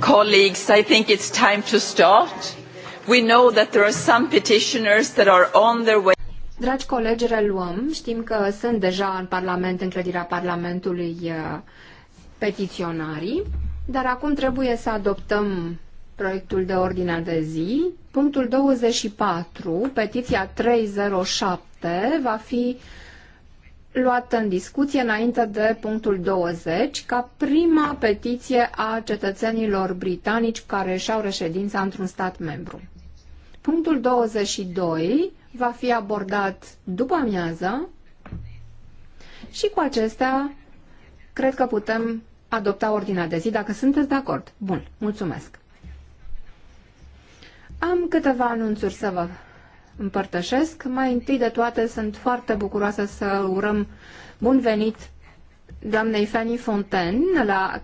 Colleagues, I think it's time to start. We know that there are some petitioners that are on their way. Dragi colegi, reluăm. Știm că sunt deja în Parlament, în clădirea Parlamentului, uh, petiționarii, dar acum trebuie să adoptăm proiectul de ordine de zi. Punctul 24, petiția 307, va fi luată în discuție înainte de punctul 20 ca prima petiție a cetățenilor britanici care și-au reședința într-un stat membru. Punctul 22 va fi abordat după amiază și cu acestea cred că putem adopta ordinea de zi dacă sunteți de acord. Bun, mulțumesc. Am câteva anunțuri să vă împărtășesc. Mai întâi de toate sunt foarte bucuroasă să urăm bun venit doamnei Fanny Fontaine, la,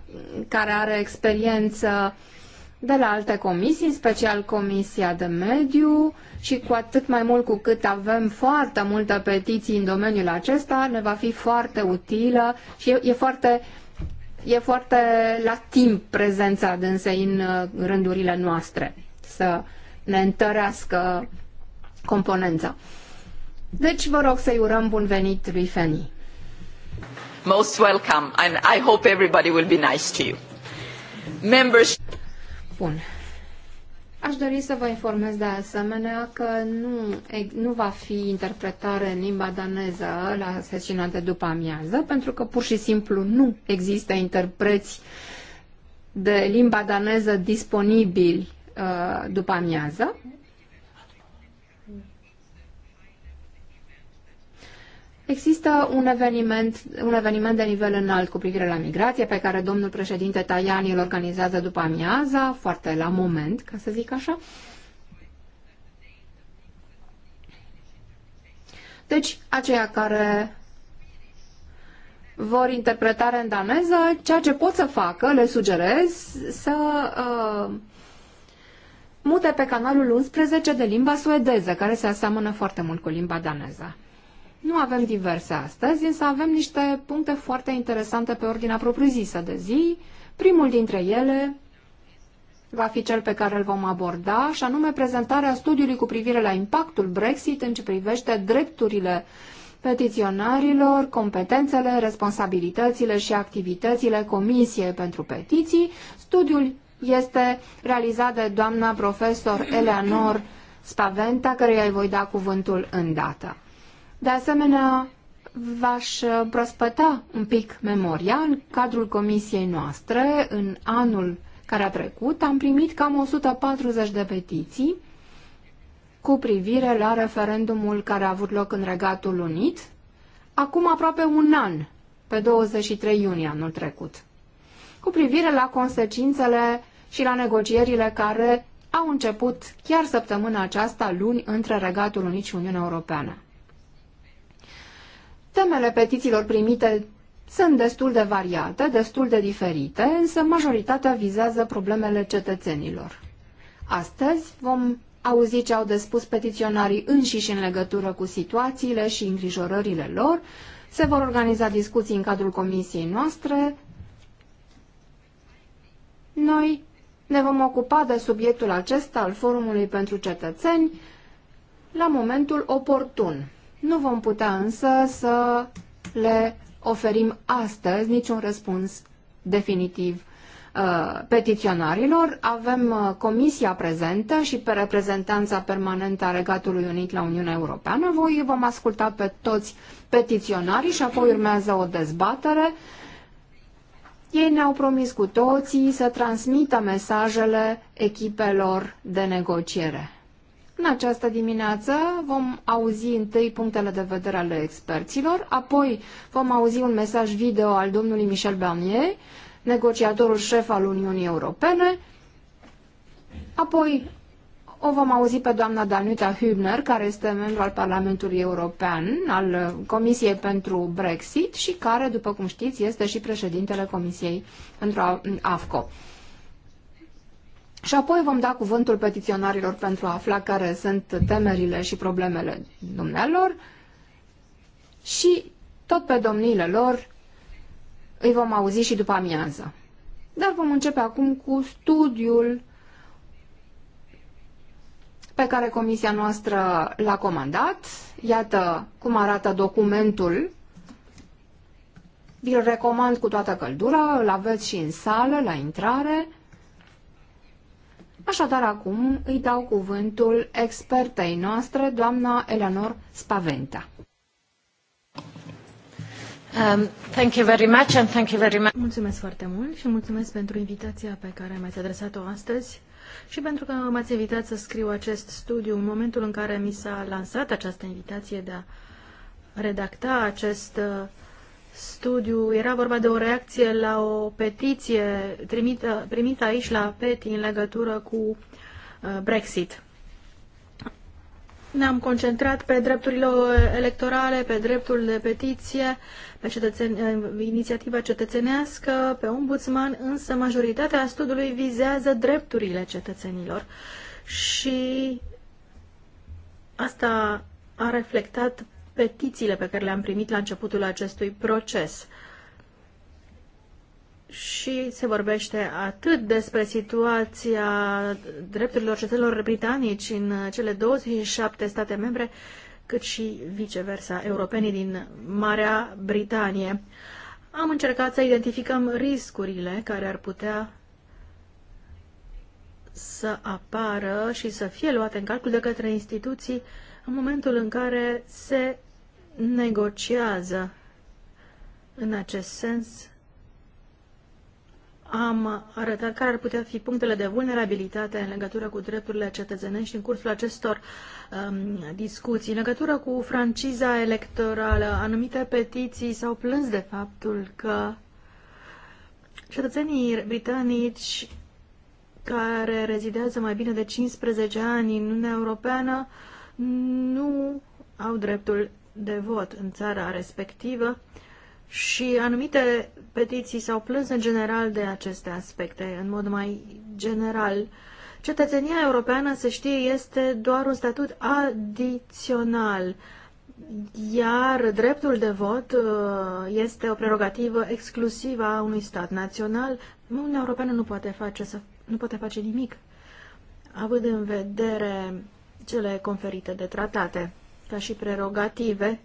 care are experiență de la alte comisii, în special Comisia de Mediu și cu atât mai mult cu cât avem foarte multe petiții în domeniul acesta, ne va fi foarte utilă și e, e foarte e foarte la timp prezența dânsei în uh, rândurile noastre să ne întărească componență. Deci vă rog să-i urăm bun venit lui Feni. Most welcome and I hope everybody will be nice to you. Members... Bun. Aș dori să vă informez de asemenea că nu, nu va fi interpretare în limba daneză la sesiunea de după amiază, pentru că pur și simplu nu există interpreți de limba daneză disponibili uh, după amiază. Există un eveniment, un eveniment de nivel înalt cu privire la migrație pe care domnul președinte Tajani îl organizează după amiaza, foarte la moment, ca să zic așa. Deci, aceia care vor interpreta în daneză, ceea ce pot să facă, le sugerez, să uh, mute pe canalul 11 de limba suedeză, care se aseamănă foarte mult cu limba daneză. Nu avem diverse astăzi, însă avem niște puncte foarte interesante pe ordinea propriu-zisă de zi. Primul dintre ele va fi cel pe care îl vom aborda, și anume prezentarea studiului cu privire la impactul Brexit în ce privește drepturile petiționarilor, competențele, responsabilitățile și activitățile Comisiei pentru Petiții. Studiul este realizat de doamna profesor Eleanor Spaventa, care îi voi da cuvântul în dată. De asemenea, v-aș prospăta un pic memoria. În cadrul comisiei noastre, în anul care a trecut, am primit cam 140 de petiții cu privire la referendumul care a avut loc în Regatul Unit, acum aproape un an, pe 23 iunie anul trecut, cu privire la consecințele și la negocierile care au început chiar săptămâna aceasta, luni, între Regatul Unit și Uniunea Europeană. Temele petițiilor primite sunt destul de variate, destul de diferite, însă majoritatea vizează problemele cetățenilor. Astăzi vom auzi ce au de spus petiționarii înșiși în legătură cu situațiile și îngrijorările lor, se vor organiza discuții în cadrul comisiei noastre. Noi ne vom ocupa de subiectul acesta al Forumului pentru Cetățeni la momentul oportun. Nu vom putea însă să le oferim astăzi niciun răspuns definitiv uh, petiționarilor. Avem uh, comisia prezentă și pe reprezentanța permanentă a Regatului Unit la Uniunea Europeană. Voi vom asculta pe toți petiționarii și apoi urmează o dezbatere. Ei ne-au promis cu toții să transmită mesajele echipelor de negociere. În această dimineață vom auzi întâi punctele de vedere ale experților, apoi vom auzi un mesaj video al domnului Michel Barnier, negociatorul șef al Uniunii Europene, apoi o vom auzi pe doamna Danuta Hübner, care este membru al Parlamentului European, al Comisiei pentru Brexit și care, după cum știți, este și președintele Comisiei pentru AFCO. Și apoi vom da cuvântul petiționarilor pentru a afla care sunt temerile și problemele dumnealor și tot pe domniile lor îi vom auzi și după amiază. Dar vom începe acum cu studiul pe care comisia noastră l-a comandat. Iată cum arată documentul. Vi-l recomand cu toată căldura, îl aveți și în sală, la intrare. Așadar, acum îi dau cuvântul expertei noastre, doamna Eleanor Spaventa. Um, thank you very much and thank you very much. Mulțumesc foarte mult și mulțumesc pentru invitația pe care mi-ați adresat-o astăzi și pentru că m-ați invitat să scriu acest studiu în momentul în care mi s-a lansat această invitație de a redacta acest uh, studiu era vorba de o reacție la o petiție trimită, primită aici la PETI în legătură cu uh, Brexit. Ne-am concentrat pe drepturile electorale, pe dreptul de petiție, pe cetățen, uh, inițiativa cetățenească, pe ombudsman, însă majoritatea studiului vizează drepturile cetățenilor. Și asta a reflectat petițiile pe care le-am primit la începutul acestui proces. Și se vorbește atât despre situația drepturilor cetățenilor britanici în cele 27 state membre, cât și viceversa, europenii din Marea Britanie. Am încercat să identificăm riscurile care ar putea să apară și să fie luate în calcul de către instituții uh, în momentul în care se negociază în acest sens am arătat care ar putea fi punctele de vulnerabilitate în legătură cu drepturile cetățenești în cursul acestor um, discuții, în legătură cu franciza electorală. Anumite petiții s-au plâns de faptul că cetățenii britanici care rezidează mai bine de 15 ani în Uniunea Europeană uh, nu au dreptul de vot în țara respectivă și anumite petiții s-au plâns în general de aceste aspecte, în mod mai general. Cetățenia europeană, se știe, este doar un statut adițional, iar dreptul de vot uh, este o prerogativă exclusivă a unui stat național. Uniunea Europeană nu poate face, să, nu poate face nimic, având în vedere cele conferite de tratate, ca și prerogative.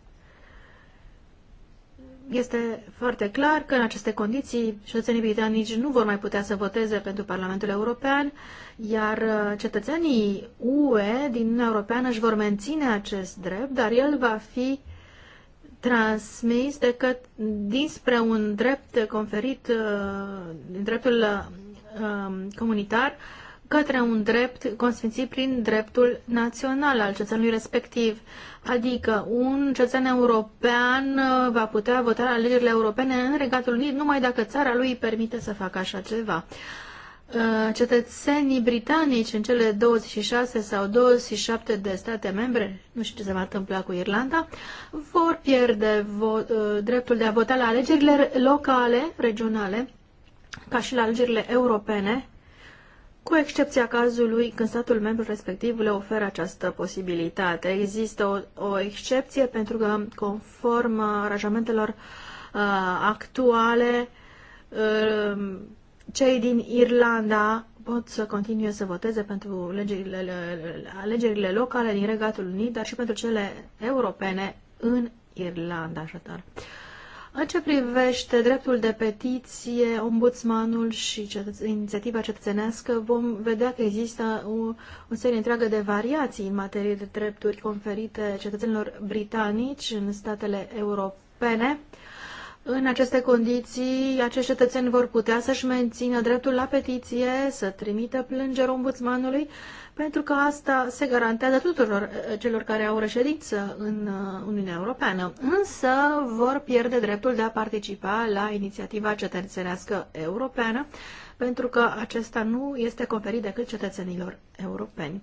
Este foarte clar că în aceste condiții cetățenii britanici nu vor mai putea să voteze pentru Parlamentul European, iar uh, cetățenii UE din Uniunea Europeană își vor menține acest drept, dar el va fi transmis de decât dinspre un drept conferit, uh, dreptul uh, um, comunitar, către un drept consfințit prin dreptul național al cetățenului respectiv. Adică un cetățean european uh, va putea vota la alegerile europene în Regatul Unit numai dacă țara lui îi permite să facă așa ceva. Uh, cetățenii britanici în cele 26 sau 27 de state membre, nu știu ce se va întâmpla cu Irlanda, vor pierde uh, dreptul de a vota la alegerile locale, regionale, ca și la alegerile europene, cu excepția cazului când statul membru respectiv le oferă această posibilitate. Există o, o excepție pentru că, conform aranjamentelor uh, actuale, uh, cei din Irlanda pot să continue să voteze pentru alegerile, alegerile locale din Regatul Unit, dar și pentru cele europene în Irlanda, așadar. Uh, în ce privește dreptul de petiție, ombudsmanul și inițiativa cetățenească, vom vedea că există o, o serie întreagă de variații în materie de drepturi conferite cetățenilor britanici în statele europene. În aceste condiții, acești cetățeni vor putea să-și mențină dreptul la petiție, să trimită plângeri ombudsmanului, pentru că asta se garantează tuturor eh, celor care au reședință în eh, Uniunea Europeană, însă vor pierde dreptul de a participa la inițiativa cetățenească europeană, pentru că acesta nu este conferit decât cetățenilor europeni.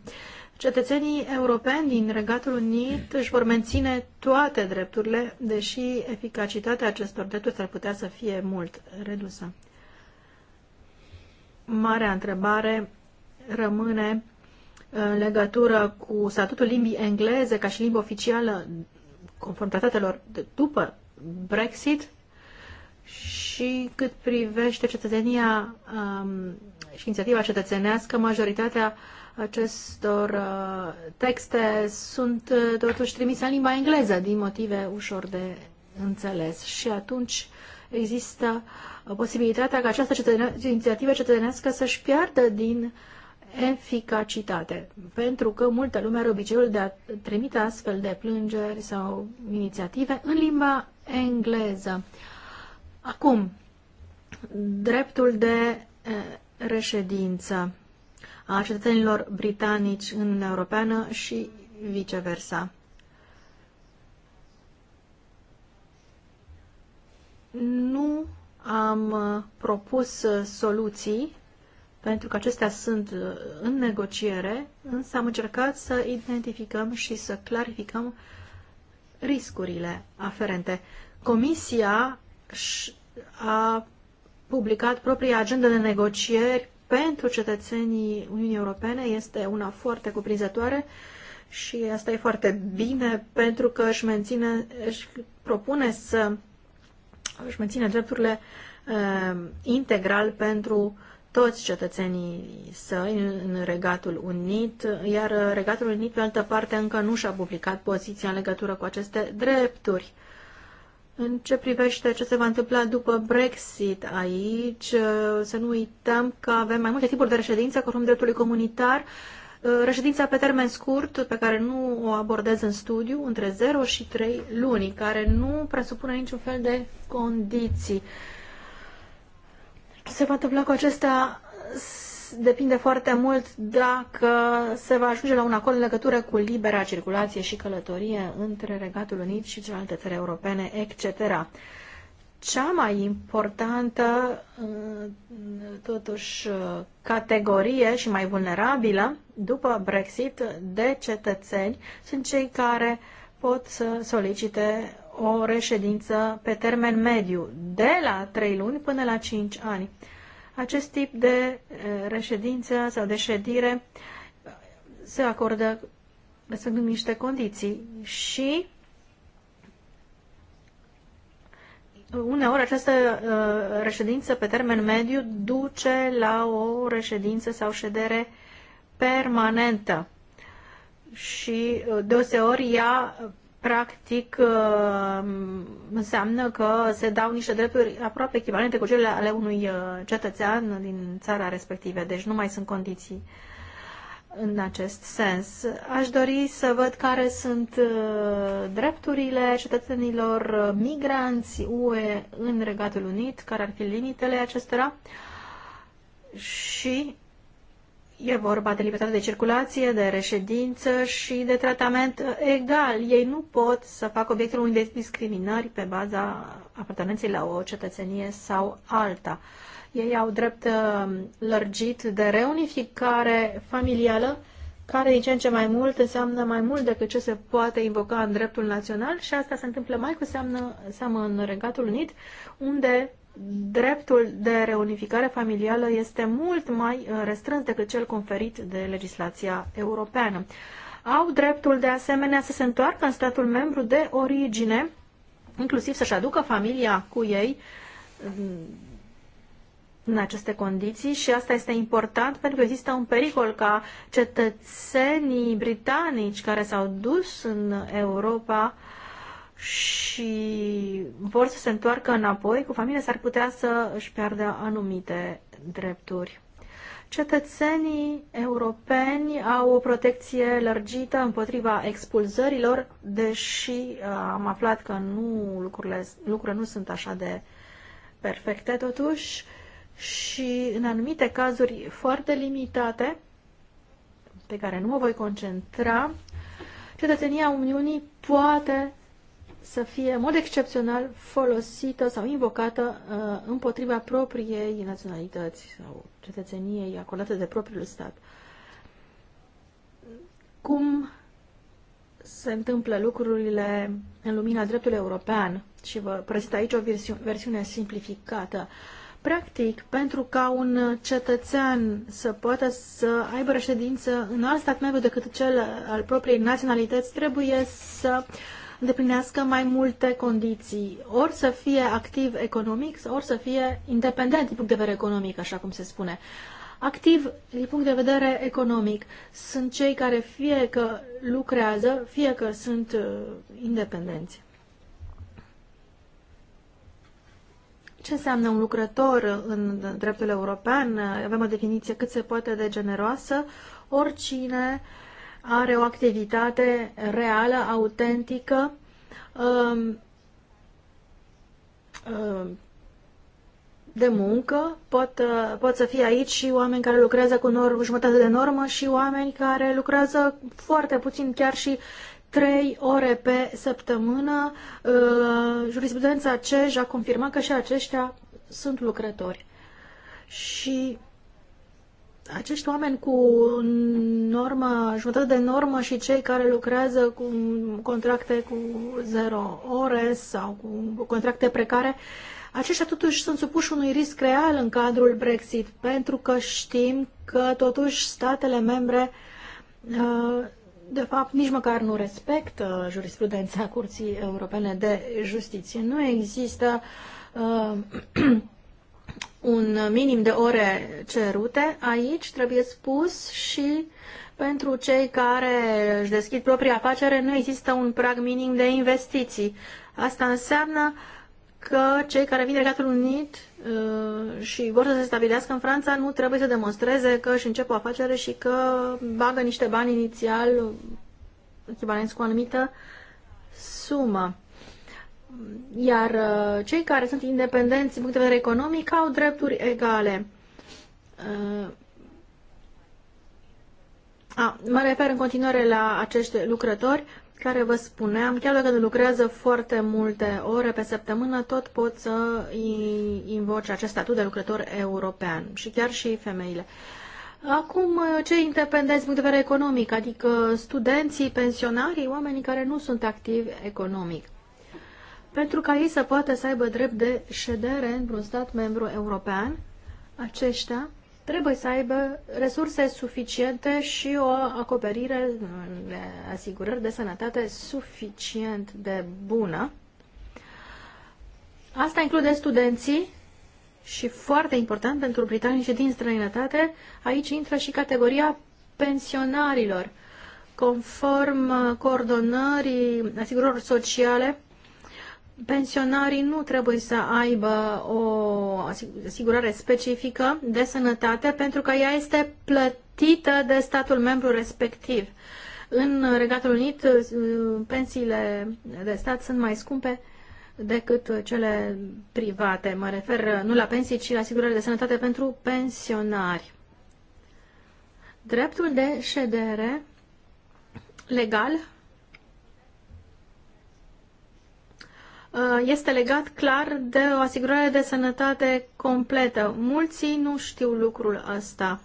Cetățenii europeni din Regatul Unit își vor menține toate drepturile, deși eficacitatea acestor drepturi ar putea să fie mult redusă. Marea întrebare rămâne în legătură cu statutul limbii engleze ca și limbă oficială conform tratatelor de după Brexit și cât privește cetățenia um, și inițiativa cetățenească, majoritatea acestor uh, texte sunt uh, totuși trimise în limba engleză din motive ușor de înțeles și atunci există uh, posibilitatea ca această cetățene- inițiativă cetățenească să-și piardă din uh, eficacitate, pentru că multă lume are obiceiul de a trimite astfel de plângeri sau inițiative în limba engleză. Acum, dreptul de reședință a cetățenilor britanici în Uniunea Europeană și viceversa. Nu am propus soluții pentru că acestea sunt uh, în negociere, însă am încercat să identificăm și să clarificăm riscurile aferente. Comisia a publicat propria agenda de negocieri pentru cetățenii Uniunii Europene, este una foarte cuprinzătoare și asta e foarte bine pentru că își, menține, își propune să își menține drepturile uh, integral pentru uh, toți cetățenii săi în Regatul Unit, iar Regatul Unit, pe altă parte, încă nu și-a publicat poziția în legătură cu aceste drepturi. În ce privește ce se va întâmpla după Brexit aici, să nu uităm că avem mai multe tipuri de reședință conform dreptului comunitar. Reședința pe termen scurt, pe care nu o abordez în studiu, între 0 și 3 luni, care nu presupune niciun fel de condiții se va întâmpla cu acestea depinde foarte mult dacă se va ajunge la un acord în legătură cu libera circulație și călătorie între Regatul Unit și celelalte țări europene, etc. Cea mai importantă, uh, totuși, categorie și mai vulnerabilă după Brexit de cetățeni sunt cei care pot să solicite o reședință pe termen mediu, de la 3 luni până la 5 ani. Acest tip de eh, reședință sau de ședire se acordă respectând niște condiții și uneori această eh, reședință pe termen mediu duce la o reședință sau ședere permanentă și eh, deoseori ea practic uh, înseamnă că se dau niște drepturi aproape echivalente cu cele ale unui uh, cetățean din țara respectivă, deci nu mai sunt condiții în acest sens. Aș dori să văd care sunt uh, drepturile cetățenilor migranți UE în Regatul Unit, care ar fi limitele acestora și E vorba de libertate de circulație, de reședință și de tratament egal. Ei nu pot să facă obiectul unei discriminări pe baza apartenenței la o cetățenie sau alta. Ei au drept uh, lărgit de reunificare familială, care din ce în ce mai mult înseamnă mai mult decât ce se poate invoca în dreptul național și asta se întâmplă mai cu seamă, seamă în Regatul Unit, unde dreptul de reunificare familială este mult mai uh, restrâns decât cel conferit de legislația europeană. Au dreptul de asemenea să se întoarcă în statul membru de origine, inclusiv să-și aducă familia cu ei mm, în aceste condiții și asta este important pentru că există un pericol ca cetățenii britanici care s-au dus în Europa și vor să se întoarcă înapoi cu familia, s-ar putea să își piardă anumite drepturi. Cetățenii europeni au o protecție lărgită împotriva expulzărilor, deși uh, am aflat că nu, lucrurile, lucrurile nu sunt așa de perfecte totuși și în anumite cazuri foarte limitate, pe care nu mă voi concentra, cetățenia Uniunii poate să fie în mod excepțional folosită sau invocată uh, împotriva propriei naționalități sau cetățeniei acordate de propriul stat. Cum se întâmplă lucrurile în lumina dreptului european și vă prezint aici o versiune simplificată. Practic, pentru ca un cetățean să poată să aibă reședință în alt stat membru decât cel al propriei naționalități, trebuie să uh, îndeplinească mai multe condiții, ori să fie activ economic, ori să fie independent din punct de vedere economic, așa cum se spune. Activ din punct de vedere economic sunt cei care fie că lucrează, fie că sunt uh, independenți. Ce înseamnă un lucrător uh, în dreptul european? Avem o definiție cât se poate de generoasă. Oricine uh, are o activitate reală, autentică, um, um, de muncă, pot, uh, pot să fie aici și oameni care lucrează cu norm, jumătate de normă și oameni care lucrează foarte puțin, chiar și trei ore pe săptămână. Uh, jurisprudența CEJ a confirmat că și aceștia sunt lucrători. Și acești oameni cu normă, jumătate de normă și cei care lucrează cu contracte cu zero ore sau cu contracte precare, aceștia totuși sunt supuși unui risc real în cadrul Brexit, pentru că știm că totuși statele membre uh, de fapt nici măcar nu respectă jurisprudența Curții Europene de Justiție. Nu există uh, un minim de ore cerute. Aici trebuie spus și pentru cei care își deschid propria afacere nu există un prag minim de investiții. Asta înseamnă că cei care vin de Regatul Unit uh, și vor să se stabilească în Franța nu trebuie să demonstreze că își încep o afacere și că bagă niște bani inițial echivalenți cu o anumită sumă iar uh, cei care sunt independenți din punct de vedere economic au drepturi egale. Uh, a, mă refer în continuare la acești lucrători care vă spuneam, chiar dacă lucrează foarte multe ore pe săptămână, tot pot să invoce acest statut de lucrător european și chiar și femeile. Acum, uh, cei independenți din punct de vedere economic, adică studenții, pensionarii, oamenii care nu sunt activi economic pentru ca ei să poată să aibă drept de ședere într-un stat membru european, aceștia trebuie să aibă resurse suficiente și o acoperire, asigurări de sănătate suficient de bună. Asta include studenții și foarte important pentru britanici din străinătate, aici intră și categoria pensionarilor. Conform coordonării asigurărilor sociale, pensionarii nu trebuie să aibă o asigurare specifică de sănătate pentru că ea este plătită de statul membru respectiv. În Regatul Unit, uh, pensiile de stat sunt mai scumpe decât cele private. Mă refer uh, nu la pensii, ci la asigurare de sănătate pentru pensionari. Dreptul de ședere legal Uh, este legat clar de o asigurare de sănătate completă. Mulți nu știu lucrul ăsta.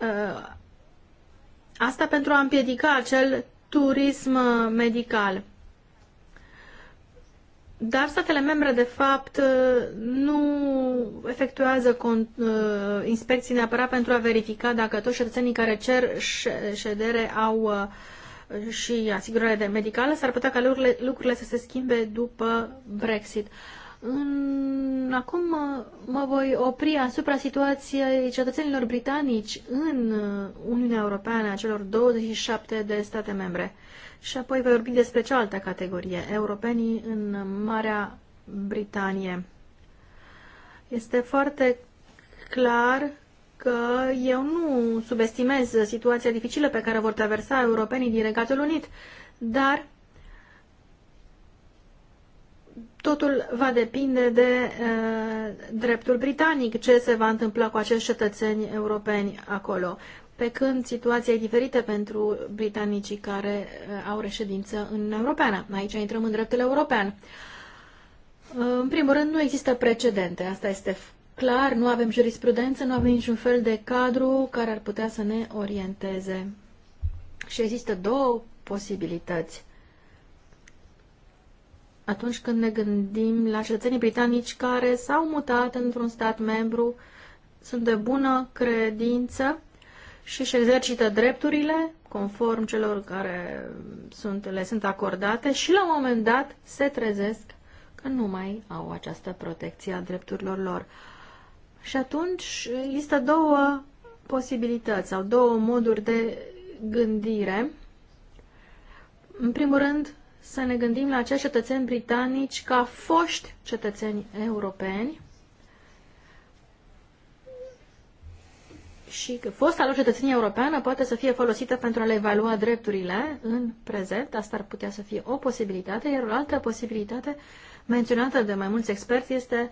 Uh, asta pentru a împiedica acel turism medical. Dar statele membre, de fapt, uh, nu efectuează inspecții neapărat pentru a verifica dacă toți cetățenii care cer ședere au și asigurările de medicală, s-ar putea ca lucrurile, lucrurile să se schimbe după Brexit. În, acum uh, mă voi opri asupra situației cetățenilor britanici în uh, Uniunea Europeană, a celor 27 de state membre. Și apoi voi vorbi despre cealaltă categorie, europenii în Marea Britanie. Este foarte clar că eu nu subestimez situația dificilă pe care vor traversa europenii din Regatul Unit, dar totul va depinde de uh, dreptul britanic, ce se va întâmpla cu acești cetățeni europeni acolo, pe când situația e diferită pentru britanicii care uh, au reședință în Europeană. Aici intrăm în dreptul european. Uh, în primul rând, nu există precedente, asta este clar, nu avem jurisprudență, nu avem niciun fel de cadru care ar putea să ne orienteze. Și există două posibilități. Atunci când ne gândim la cetățenii britanici care s-au mutat într-un stat membru, sunt de bună credință și își exercită drepturile conform celor care sunt, le sunt acordate și la un moment dat se trezesc că nu mai au această protecție a drepturilor lor. Și atunci există două posibilități sau două moduri de gândire. În primul rând, să ne gândim la acești cetățeni britanici ca foști cetățeni europeni și că fosta lor cetățenie europeană poate să fie folosită pentru a le evalua drepturile în prezent. Asta ar putea să fie o posibilitate, iar o altă posibilitate menționată de mai mulți experți este uh,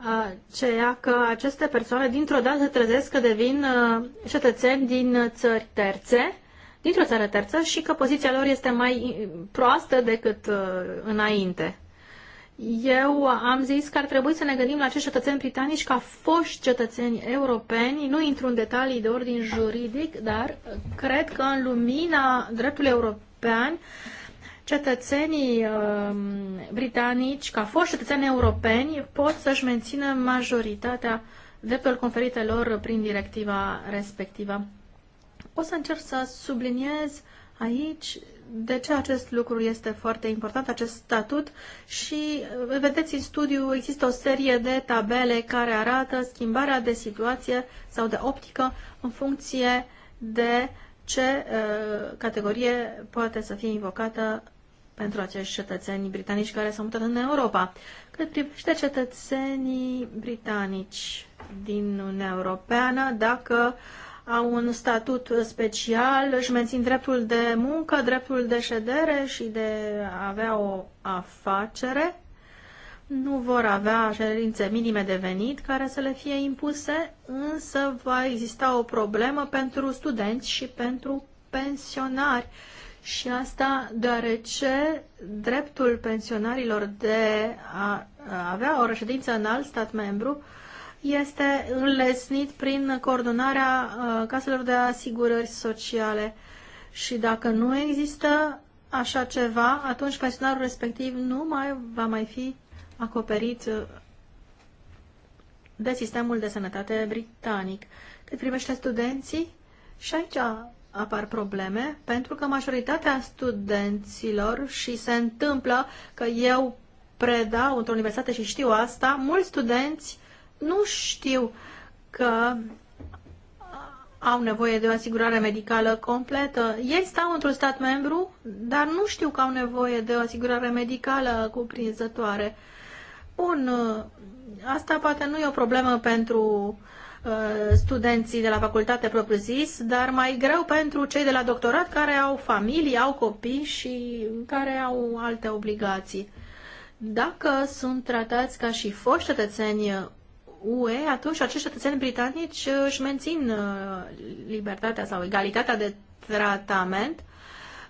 aceea că aceste persoane dintr-o dată trezesc că devin uh, cetățeni din țări terțe, dintr-o țară terță și că poziția lor este mai proastă decât uh, înainte. Eu am zis că ar trebui să ne gândim la acești cetățeni britanici ca foști cetățeni europeni. Nu intru în detalii de ordin juridic, dar cred că în lumina dreptului european cetățenii um, britanici, ca foști cetățeni europeni, pot să-și mențină majoritatea drepturilor conferite lor prin directiva respectivă. O să încerc să subliniez aici de ce acest lucru este foarte important, acest statut și uh, vedeți în studiu există o serie de tabele care arată schimbarea de situație sau de optică în funcție de ce uh, categorie poate să fie invocată pentru acești cetățeni britanici care s-au mutat în Europa. Cât privește cetățenii britanici din Uniunea Europeană, dacă au un statut special, își mențin dreptul de muncă, dreptul de ședere și de a avea o afacere, nu vor avea cerințe minime de venit care să le fie impuse, însă va exista o problemă pentru studenți și pentru pensionari și asta deoarece dreptul pensionarilor de a avea o reședință în alt stat membru este înlesnit prin coordonarea uh, caselor de asigurări sociale. Și dacă nu există așa ceva, atunci pensionarul respectiv nu mai va mai fi acoperit uh, de sistemul de sănătate britanic. Cât privește studenții, și aici apar probleme, pentru că majoritatea studenților și se întâmplă că eu predau într-o universitate și știu asta, mulți studenți nu știu că au nevoie de o asigurare medicală completă. Ei stau într-un stat membru, dar nu știu că au nevoie de o asigurare medicală cuprinzătoare. Bun, asta poate nu e o problemă pentru uh, Uh, studenții de la facultate propriu-zis, dar mai greu pentru cei de la doctorat care au familii, au copii și care au alte obligații. Dacă sunt tratați ca și foști cetățeni UE, atunci acești cetățeni britanici uh, își mențin uh, libertatea sau egalitatea de tratament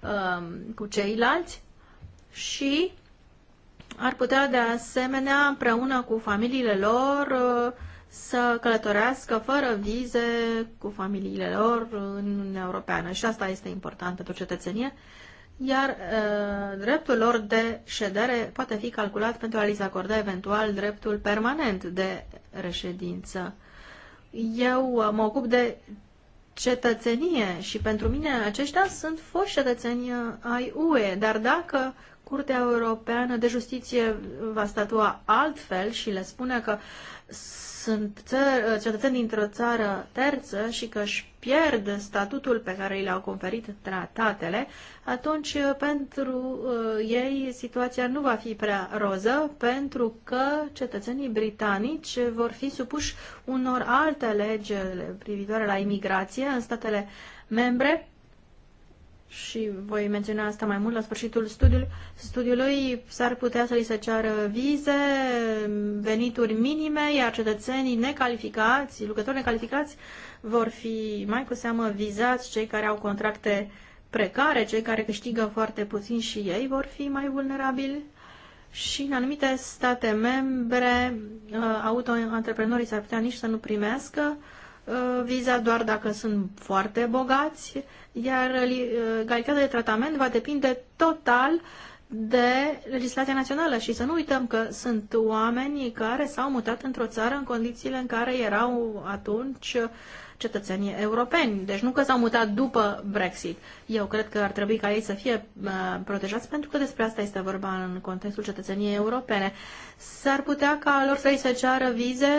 um, cu ceilalți și ar putea de asemenea împreună cu familiile lor uh, să călătorească fără vize cu familiile lor în Uniunea Europeană. Și asta este important pentru cetățenie. Iar e, uh, dreptul lor de ședere poate fi calculat pentru a li se acorda eventual dreptul permanent de reședință. Eu uh, mă ocup de cetățenie și pentru mine aceștia sunt foști cetățeni uh, ai UE, dar dacă Curtea Europeană de Justiție va statua altfel și le spune că sunt țări, uh, cetățeni dintr-o țară terță și că își pierd statutul pe care i l-au conferit tratatele, atunci uh, pentru uh, ei situația nu va fi prea roză, pentru că cetățenii britanici vor fi supuși unor alte legi privitoare la imigrație în statele membre și voi menționa asta mai mult la sfârșitul studiului, studiului s-ar putea să li se ceară vize, venituri minime, iar cetățenii necalificați, lucrători necalificați, vor fi mai cu seamă vizați cei care au contracte precare, cei care câștigă foarte puțin și ei vor fi mai vulnerabili și în anumite state membre, uh, auto-antreprenorii s-ar putea nici să nu primească uh, Uh, viza doar dacă sunt foarte bogați, iar uh, egalitatea de tratament va depinde total de legislația națională și să nu uităm că sunt oameni care s-au mutat într-o țară în condițiile în care erau atunci cetățenii europeni. Deci nu că s-au mutat după Brexit. Eu cred că ar trebui ca ei să fie uh, protejați pentru că despre asta este vorba în contextul cetățeniei europene. S-ar putea ca lor să i se ceară vize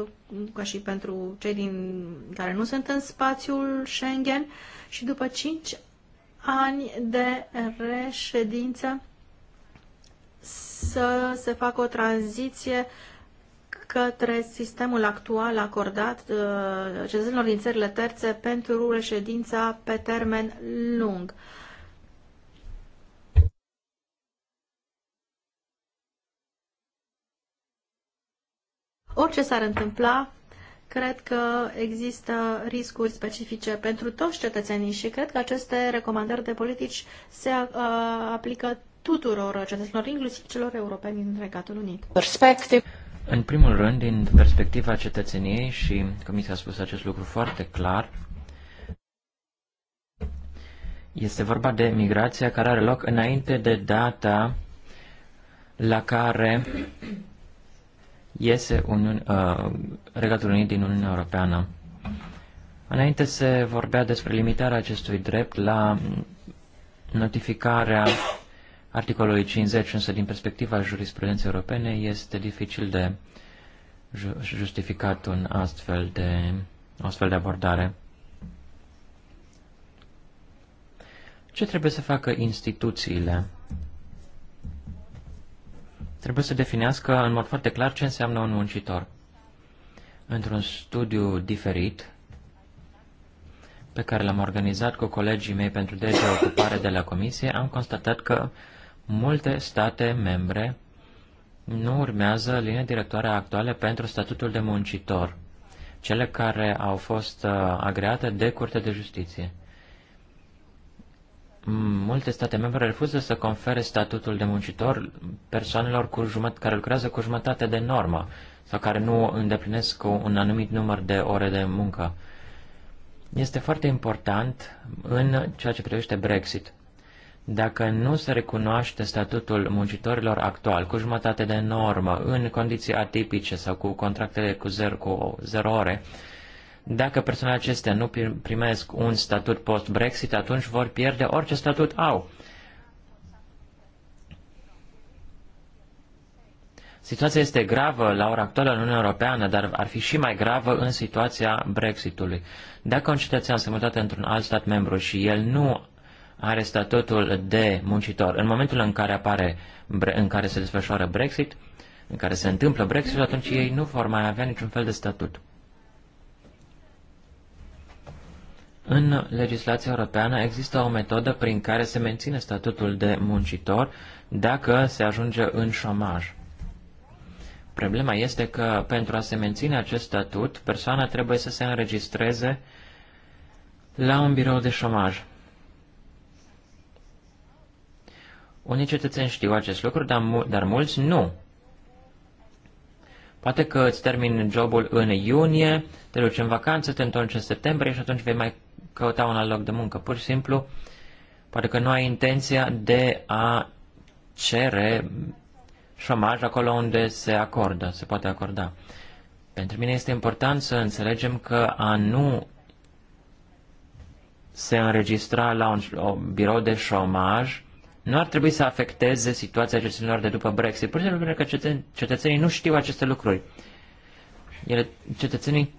uh, ca și pentru cei din care nu sunt în spațiul Schengen și după 5 ani de reședință să se facă o tranziție uh, către sistemul actual acordat uh, cetățenilor din țările terțe pentru reședința pe termen lung. Orice s-ar întâmpla, cred că există riscuri specifice pentru toți cetățenii și cred că aceste recomandări de politici se uh, aplică tuturor cetățenilor, inclusiv celor europeni din Regatul Unit. Perspective. În primul rând, din perspectiva cetățeniei, și Comisia a spus acest lucru foarte clar, este vorba de migrația care are loc înainte de data la care iese Uniun, uh, Regatul Unit din Uniunea Europeană. Înainte se vorbea despre limitarea acestui drept la notificarea articolului 50, însă din perspectiva jurisprudenței europene, este dificil de justificat un astfel de, o astfel de abordare. Ce trebuie să facă instituțiile? Trebuie să definească în mod foarte clar ce înseamnă un muncitor. Într-un studiu diferit, pe care l-am organizat cu colegii mei pentru DG Ocupare de la Comisie, am constatat că multe state membre nu urmează linia directoare actuale pentru statutul de muncitor, cele care au fost uh, agreate de Curtea de Justiție. Multe state membre refuză să confere statutul de muncitor persoanelor cu jumătate, care lucrează cu jumătate de normă sau care nu îndeplinesc un anumit număr de ore de muncă. Este foarte important în ceea ce privește Brexit. Dacă nu se recunoaște statutul muncitorilor actual cu jumătate de normă, în condiții atipice sau cu contractele cu zero, cu zero ore, dacă persoanele acestea nu primesc un statut post-Brexit, atunci vor pierde orice statut au. Situația este gravă la ora actuală în Uniunea Europeană, dar ar fi și mai gravă în situația Brexitului. Dacă un cetățean se mută într-un alt stat membru și el nu are statutul de muncitor. În momentul în care apare, în care se desfășoară Brexit, în care se întâmplă Brexit, atunci ei nu vor mai avea niciun fel de statut. În legislația europeană există o metodă prin care se menține statutul de muncitor dacă se ajunge în șomaj. Problema este că pentru a se menține acest statut, persoana trebuie să se înregistreze la un birou de șomaj. Unii cetățeni știu acest lucru, dar, mul- dar mulți nu. Poate că îți termin jobul în iunie, te duci în vacanță, te întorci în septembrie și atunci vei mai căuta un alt loc de muncă. Pur și simplu, poate că nu ai intenția de a cere șomaj acolo unde se acordă, se poate acorda. Pentru mine este important să înțelegem că a nu se înregistra la un birou de șomaj nu ar trebui să afecteze situația cetățenilor de după Brexit, pur și simplu pentru că cetățenii nu știu aceste lucruri. Ele, cetățenii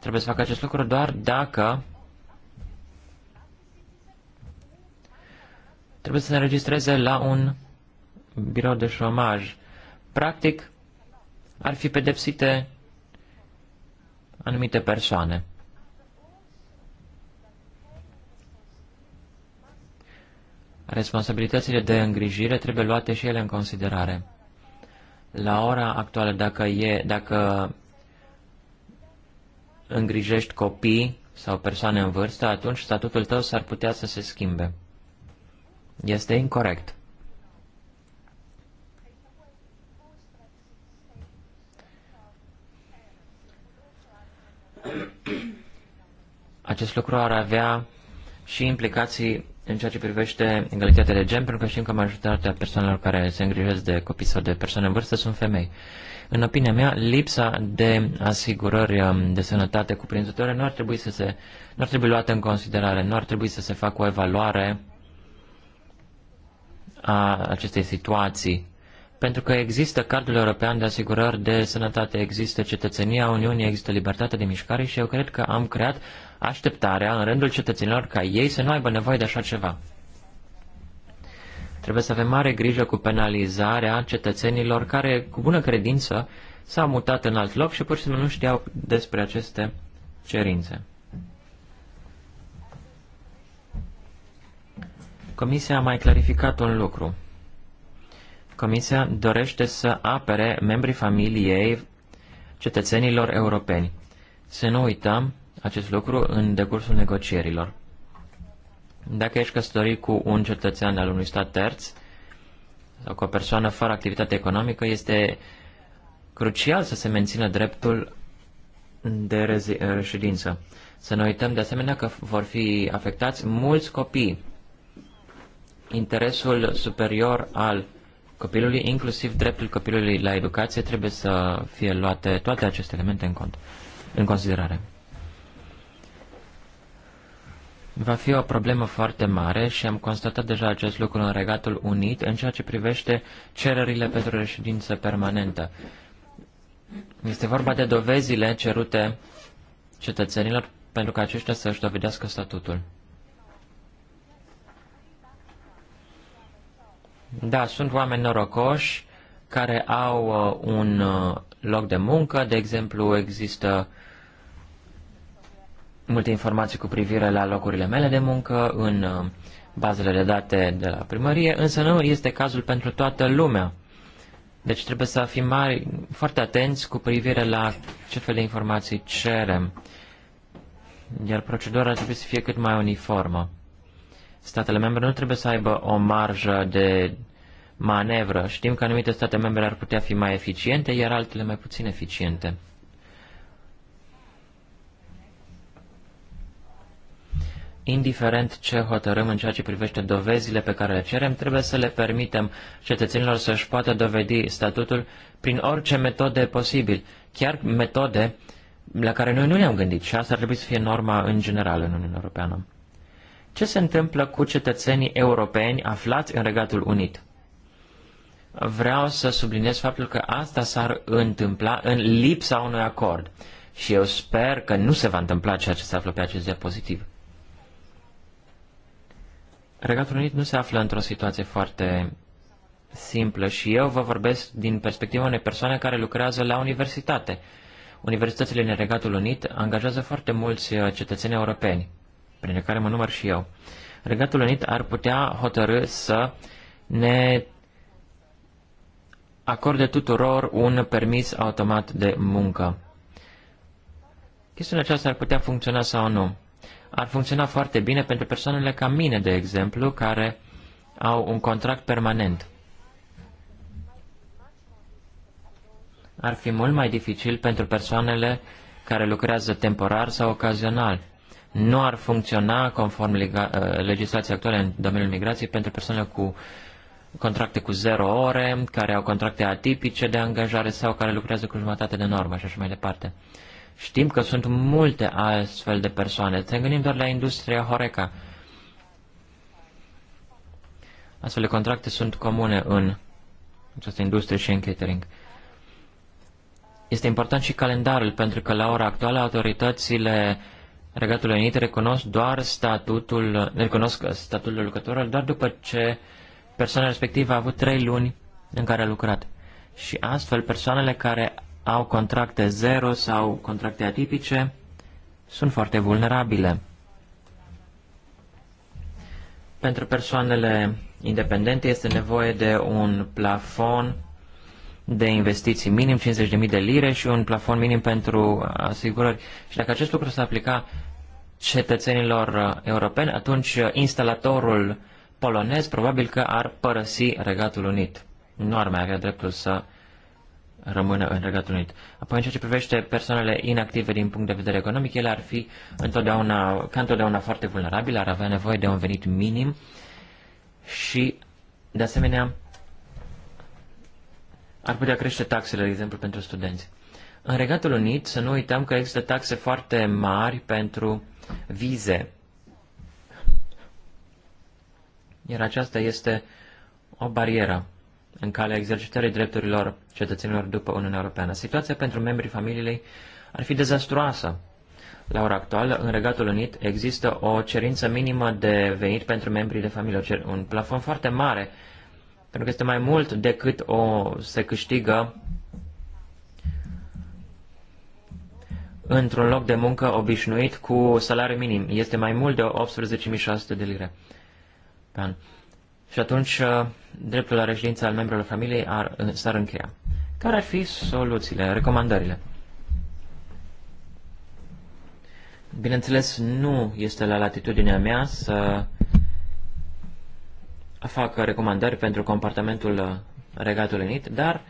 trebuie să facă acest lucru doar dacă trebuie să se înregistreze la un birou de șomaj. Practic, ar fi pedepsite anumite persoane. responsabilitățile de îngrijire trebuie luate și ele în considerare. La ora actuală, dacă, e, dacă îngrijești copii sau persoane în vârstă, atunci statutul tău s-ar putea să se schimbe. Este incorrect. Acest lucru ar avea și implicații în ceea ce privește egalitatea de gen, pentru că știm că majoritatea persoanelor care se îngrijesc de copii sau de persoane în vârstă sunt femei. În opinia mea, lipsa de asigurări um, de sănătate cuprinzătoare nu ar trebui să se, nu ar trebui luată în considerare, nu ar trebui să se facă o evaluare a acestei situații. Pentru că există cardul european de asigurări de sănătate, există cetățenia Uniunii, există libertatea de mișcare și eu cred că am creat așteptarea în rândul cetățenilor ca ei să nu aibă nevoie de așa ceva. Trebuie să avem mare grijă cu penalizarea cetățenilor care, cu bună credință, s-au mutat în alt loc și pur și simplu nu știau despre aceste cerințe. Comisia a mai clarificat un lucru. Comisia dorește să apere membrii familiei cetățenilor europeni. Să nu uităm acest lucru în decursul negocierilor. Dacă ești căsătorit cu un cetățean al unui stat terț sau cu o persoană fără activitate economică, este crucial să se mențină dreptul de eh, reședință. Să ne uităm de asemenea că vor fi afectați mulți copii. Interesul superior al copilului, inclusiv dreptul copilului la educație, trebuie să fie luate toate aceste elemente în cont, în considerare va fi o problemă foarte mare și am constatat deja acest lucru în Regatul Unit în ceea ce privește cererile pentru reședință permanentă. Este vorba de dovezile cerute cetățenilor pentru ca aceștia să-și dovedească statutul. Da, sunt oameni norocoși care au uh, un uh, loc de muncă, de exemplu există uh, multe informații cu privire la locurile mele de muncă în uh, bazele de date de la primărie, însă nu este cazul pentru toată lumea. Deci trebuie să fim mari, foarte atenți cu privire la ce fel de informații cerem. Iar procedura trebuie să fie cât mai uniformă. Statele membre nu trebuie să aibă o marjă de manevră. Știm că anumite state membre ar putea fi mai eficiente, iar altele mai puțin eficiente. indiferent ce hotărâm în ceea ce privește dovezile pe care le cerem, trebuie să le permitem cetățenilor să-și poată dovedi statutul prin orice metode posibil, chiar metode la care noi nu ne-am gândit și asta ar trebui să fie norma în general în Uniunea Europeană. Ce se întâmplă cu cetățenii europeni aflați în Regatul Unit? Vreau să subliniez faptul că asta s-ar întâmpla în lipsa unui acord și eu sper că nu se va întâmpla ceea ce se află pe acest diapozitiv. Regatul Unit nu se află într-o situație foarte simplă și eu vă vorbesc din perspectiva unei persoane care lucrează la universitate. Universitățile din Regatul Unit angajează foarte mulți uh, cetățeni europeni, printre care mă număr și eu. Regatul Unit ar putea hotărâ să ne acorde tuturor un permis automat de muncă. Chestiunea aceasta ar putea funcționa sau nu ar funcționa foarte bine pentru persoanele ca mine, de exemplu, care au un contract permanent. Ar fi mult mai dificil pentru persoanele care lucrează temporar sau ocazional. Nu ar funcționa conform uh, legislației actuale în domeniul migrației pentru persoanele cu contracte cu zero ore, care au contracte atipice de angajare sau care lucrează cu jumătate de normă și așa mai departe. Știm că sunt multe astfel de persoane. Să gândim doar la industria Horeca. Astfel de contracte sunt comune în această industrie și în catering. Este important și calendarul, pentru că la ora actuală autoritățile Regatului Unit recunosc doar statutul, recunosc statutul de lucrător doar după ce persoana respectivă a avut trei luni în care a lucrat. Și astfel, persoanele care au contracte zero sau contracte atipice, sunt foarte vulnerabile. Pentru persoanele independente este nevoie de un plafon de investiții minim 50.000 de lire și un plafon minim pentru asigurări. Și dacă acest lucru se aplica cetățenilor uh, europeni, atunci uh, instalatorul polonez probabil că ar părăsi Regatul Unit. Nu ar mai avea dreptul să rămână în Regatul Unit. Apoi, în ceea ce privește persoanele inactive din punct de vedere economic, ele ar fi întotdeauna, ca întotdeauna foarte vulnerabile, ar avea nevoie de un venit minim și, de asemenea, ar putea crește taxele, de exemplu, pentru studenți. În Regatul Unit, să nu uităm că există taxe foarte mari pentru vize. Iar aceasta este o barieră în calea exercitării drepturilor cetățenilor după Uniunea Europeană. Situația pentru membrii familiei ar fi dezastruoasă. La ora actuală, în Regatul Unit există o cerință minimă de venit pentru membrii de familie, un plafon foarte mare, pentru că este mai mult decât o se câștigă într-un loc de muncă obișnuit cu salariu minim. Este mai mult de 18.600 de lire pe an. Și atunci uh, dreptul la reședință al membrilor familiei ar, s-ar încheia. Care ar fi soluțiile, recomandările? Bineînțeles, nu este la latitudinea mea să fac recomandări pentru comportamentul uh, Regatului Unit, dar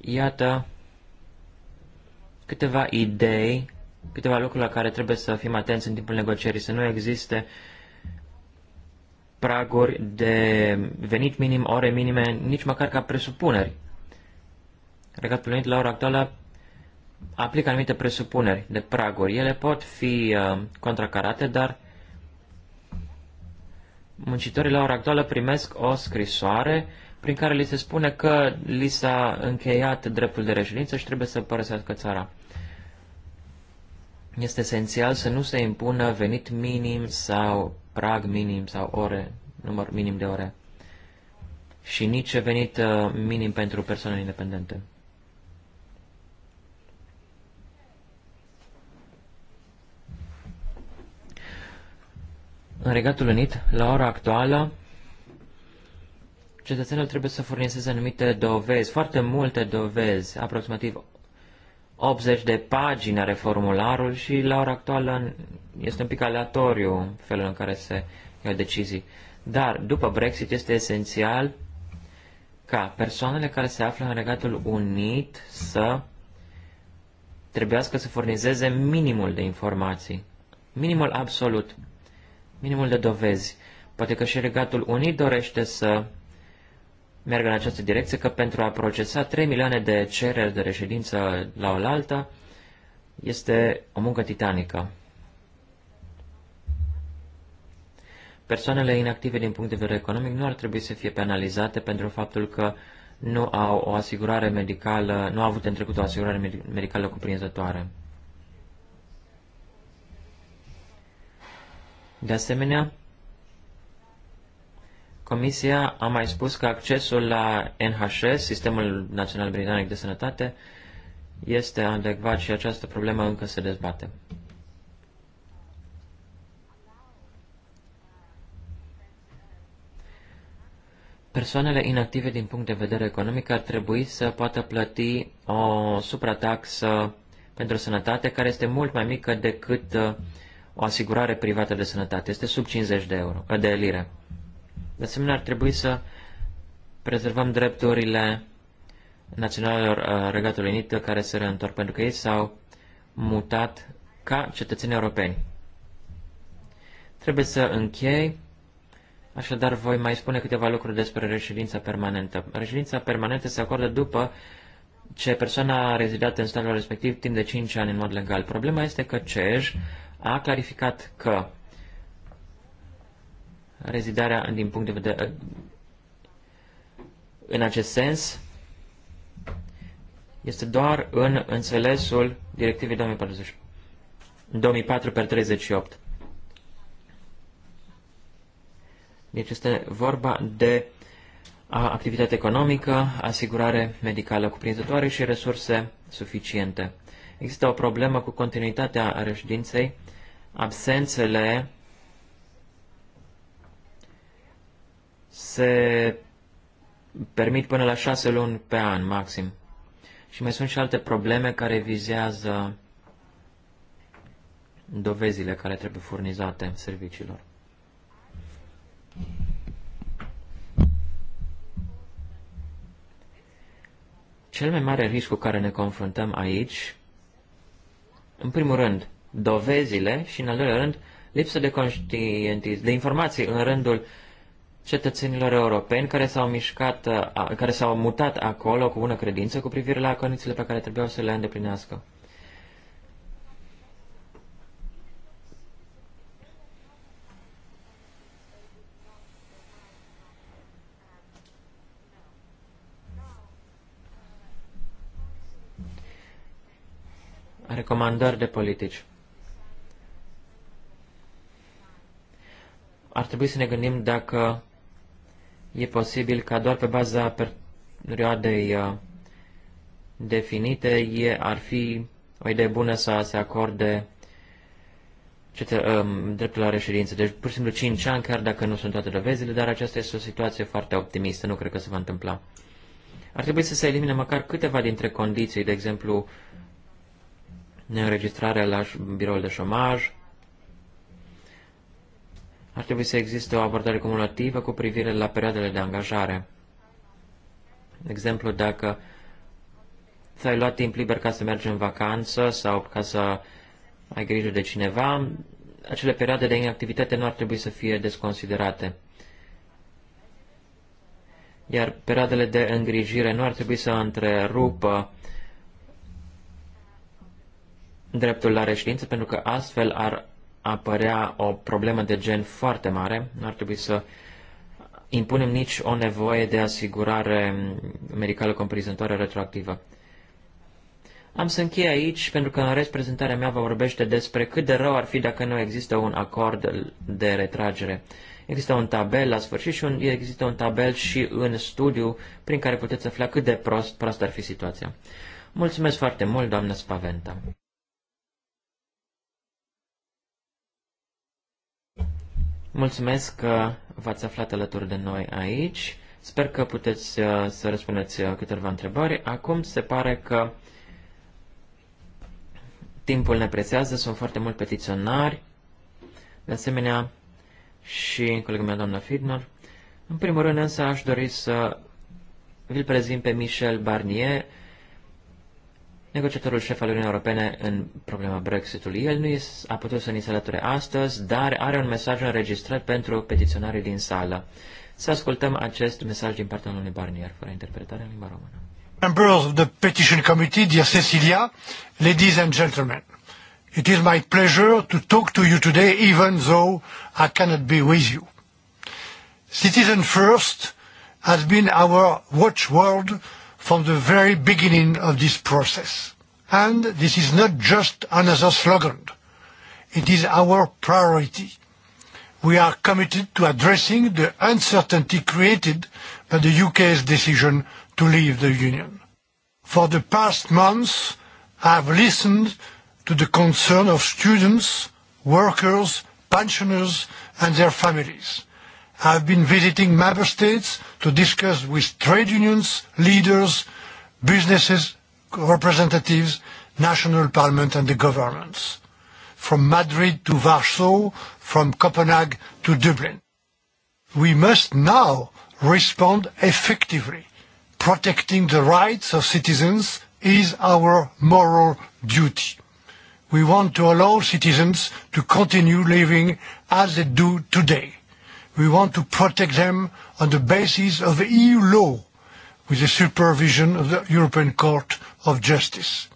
iată câteva idei, câteva lucruri la care trebuie să fim atenți în timpul negocierii, să nu existe uh, praguri de venit minim, ore minime, nici măcar ca presupuneri. Regatul Unit, la ora actuală, aplică anumite presupuneri de praguri. Ele pot fi uh, contracarate, dar muncitorii la ora actuală primesc o scrisoare prin care li se spune că li s-a încheiat dreptul de reședință și trebuie să părăsească țara. Este esențial să nu se impună venit minim sau prag minim sau ore, număr minim de ore. Și nici venit uh, minim pentru persoane independente. În Regatul Unit, la ora actuală, cetățenul trebuie să furnizeze anumite dovezi, foarte multe dovezi, aproximativ 80 de pagini are formularul și la ora actuală este un pic aleatoriu felul în care se ia decizii. Dar după Brexit este esențial ca persoanele care se află în Regatul Unit să trebuiască să furnizeze minimul de informații, minimul absolut, minimul de dovezi. Poate că și Regatul Unit dorește să meargă în această direcție, că pentru a procesa 3 milioane de cereri de reședință la oaltă este o muncă titanică. Persoanele inactive din punct de vedere economic nu ar trebui să fie penalizate pentru faptul că nu au o asigurare medicală, nu au avut în trecut o asigurare medicală cuprinzătoare. De asemenea, Comisia a mai spus că accesul la NHS, Sistemul Național Britanic de Sănătate, este adecvat și această problemă încă se dezbate. Persoanele inactive din punct de vedere economic ar trebui să poată plăti o suprataxă pentru sănătate care este mult mai mică decât uh, o asigurare privată de sănătate. Este sub 50 de, euro, de lire. De asemenea, ar trebui să prezervăm drepturile naționalelor uh, Regatului Unit care se reîntorc, pentru că ei s-au mutat ca cetățeni europeni. Trebuie să închei, așadar voi mai spune câteva lucruri despre reședința permanentă. Reședința permanentă se acordă după ce persoana a rezidat în statul respectiv timp de 5 ani în mod legal. Problema este că CEJ a clarificat că rezidarea din punct de vedere în acest sens este doar în înțelesul directivei 2004 per 38. Deci este vorba de activitate economică, asigurare medicală cuprinzătoare și resurse suficiente. Există o problemă cu continuitatea reședinței, absențele se permit până la șase luni pe an, maxim. Și mai sunt și alte probleme care vizează dovezile care trebuie furnizate serviciilor. Cel mai mare risc cu care ne confruntăm aici, în primul rând, dovezile și, în al doilea rând, lipsă de, de informații în rândul uh, cetățenilor europeni care s-au mișcat, care s-au mutat acolo cu bună credință cu privire la condițiile pe care trebuiau să le îndeplinească. Recomandări de politici. Ar trebui să ne gândim dacă e posibil ca doar pe baza perioadei uh, definite e, ar fi o idee bună să se acorde cetă, um, dreptul la reședință. Deci, pur și simplu, 5 ani, chiar dacă nu sunt toate dovezile, dar aceasta este o situație foarte optimistă, nu cred că se va întâmpla. Ar trebui să se elimine măcar câteva dintre condiții, de exemplu, neînregistrarea la biroul de șomaj, ar trebui să existe o abordare cumulativă cu privire la perioadele de angajare. De exemplu, dacă ți-ai luat timp liber ca să mergi în vacanță sau ca să ai grijă de cineva, acele perioade de inactivitate nu ar trebui să fie desconsiderate. Iar perioadele de îngrijire nu ar trebui să întrerupă dreptul la reședință, pentru că astfel ar apărea o problemă de gen foarte mare, nu ar trebui să impunem nici o nevoie de asigurare medicală comprizătoare retroactivă. Am să închei aici, pentru că în rest prezentarea mea vă vorbește despre cât de rău ar fi dacă nu există un acord de retragere. Există un tabel la sfârșit și un, există un tabel și în studiu prin care puteți afla cât de prost, prost ar fi situația. Mulțumesc foarte mult, doamnă Spaventa. Mulțumesc că v-ați aflat alături de noi aici. Sper că puteți uh, să răspundeți uh, câteva întrebări. Acum se pare că timpul ne presează, sunt foarte mulți petiționari, de asemenea și colegul meu, doamna Fidner. În primul rând, însă, aș dori să vi prezint pe Michel Barnier, negociatorul șef al Uniunii Europene în problema Brexitului. El nu a putut să ni se alăture astăzi, dar are un mesaj înregistrat pentru petiționarii din sală. Să ascultăm acest mesaj din partea lui Barnier, fără interpretare în limba română. Members of the Petition Committee, dear Cecilia, ladies and gentlemen, it is my pleasure to talk to you today, even though I cannot be with you. Citizen First has been our watchword from the very beginning of this process. And this is not just another slogan. It is our priority. We are committed to addressing the uncertainty created by the UK's decision to leave the Union. For the past months, I have listened to the concern of students, workers, pensioners and their families I've been visiting member states to discuss with trade unions, leaders, businesses, representatives, national parliament and the governments. From Madrid to Warsaw, from Copenhagen to Dublin. We must now respond effectively. Protecting the rights of citizens is our moral duty. We want to allow citizens to continue living as they do today We want to protect them on the basis of the EU law with the supervision of the European Court of Justice.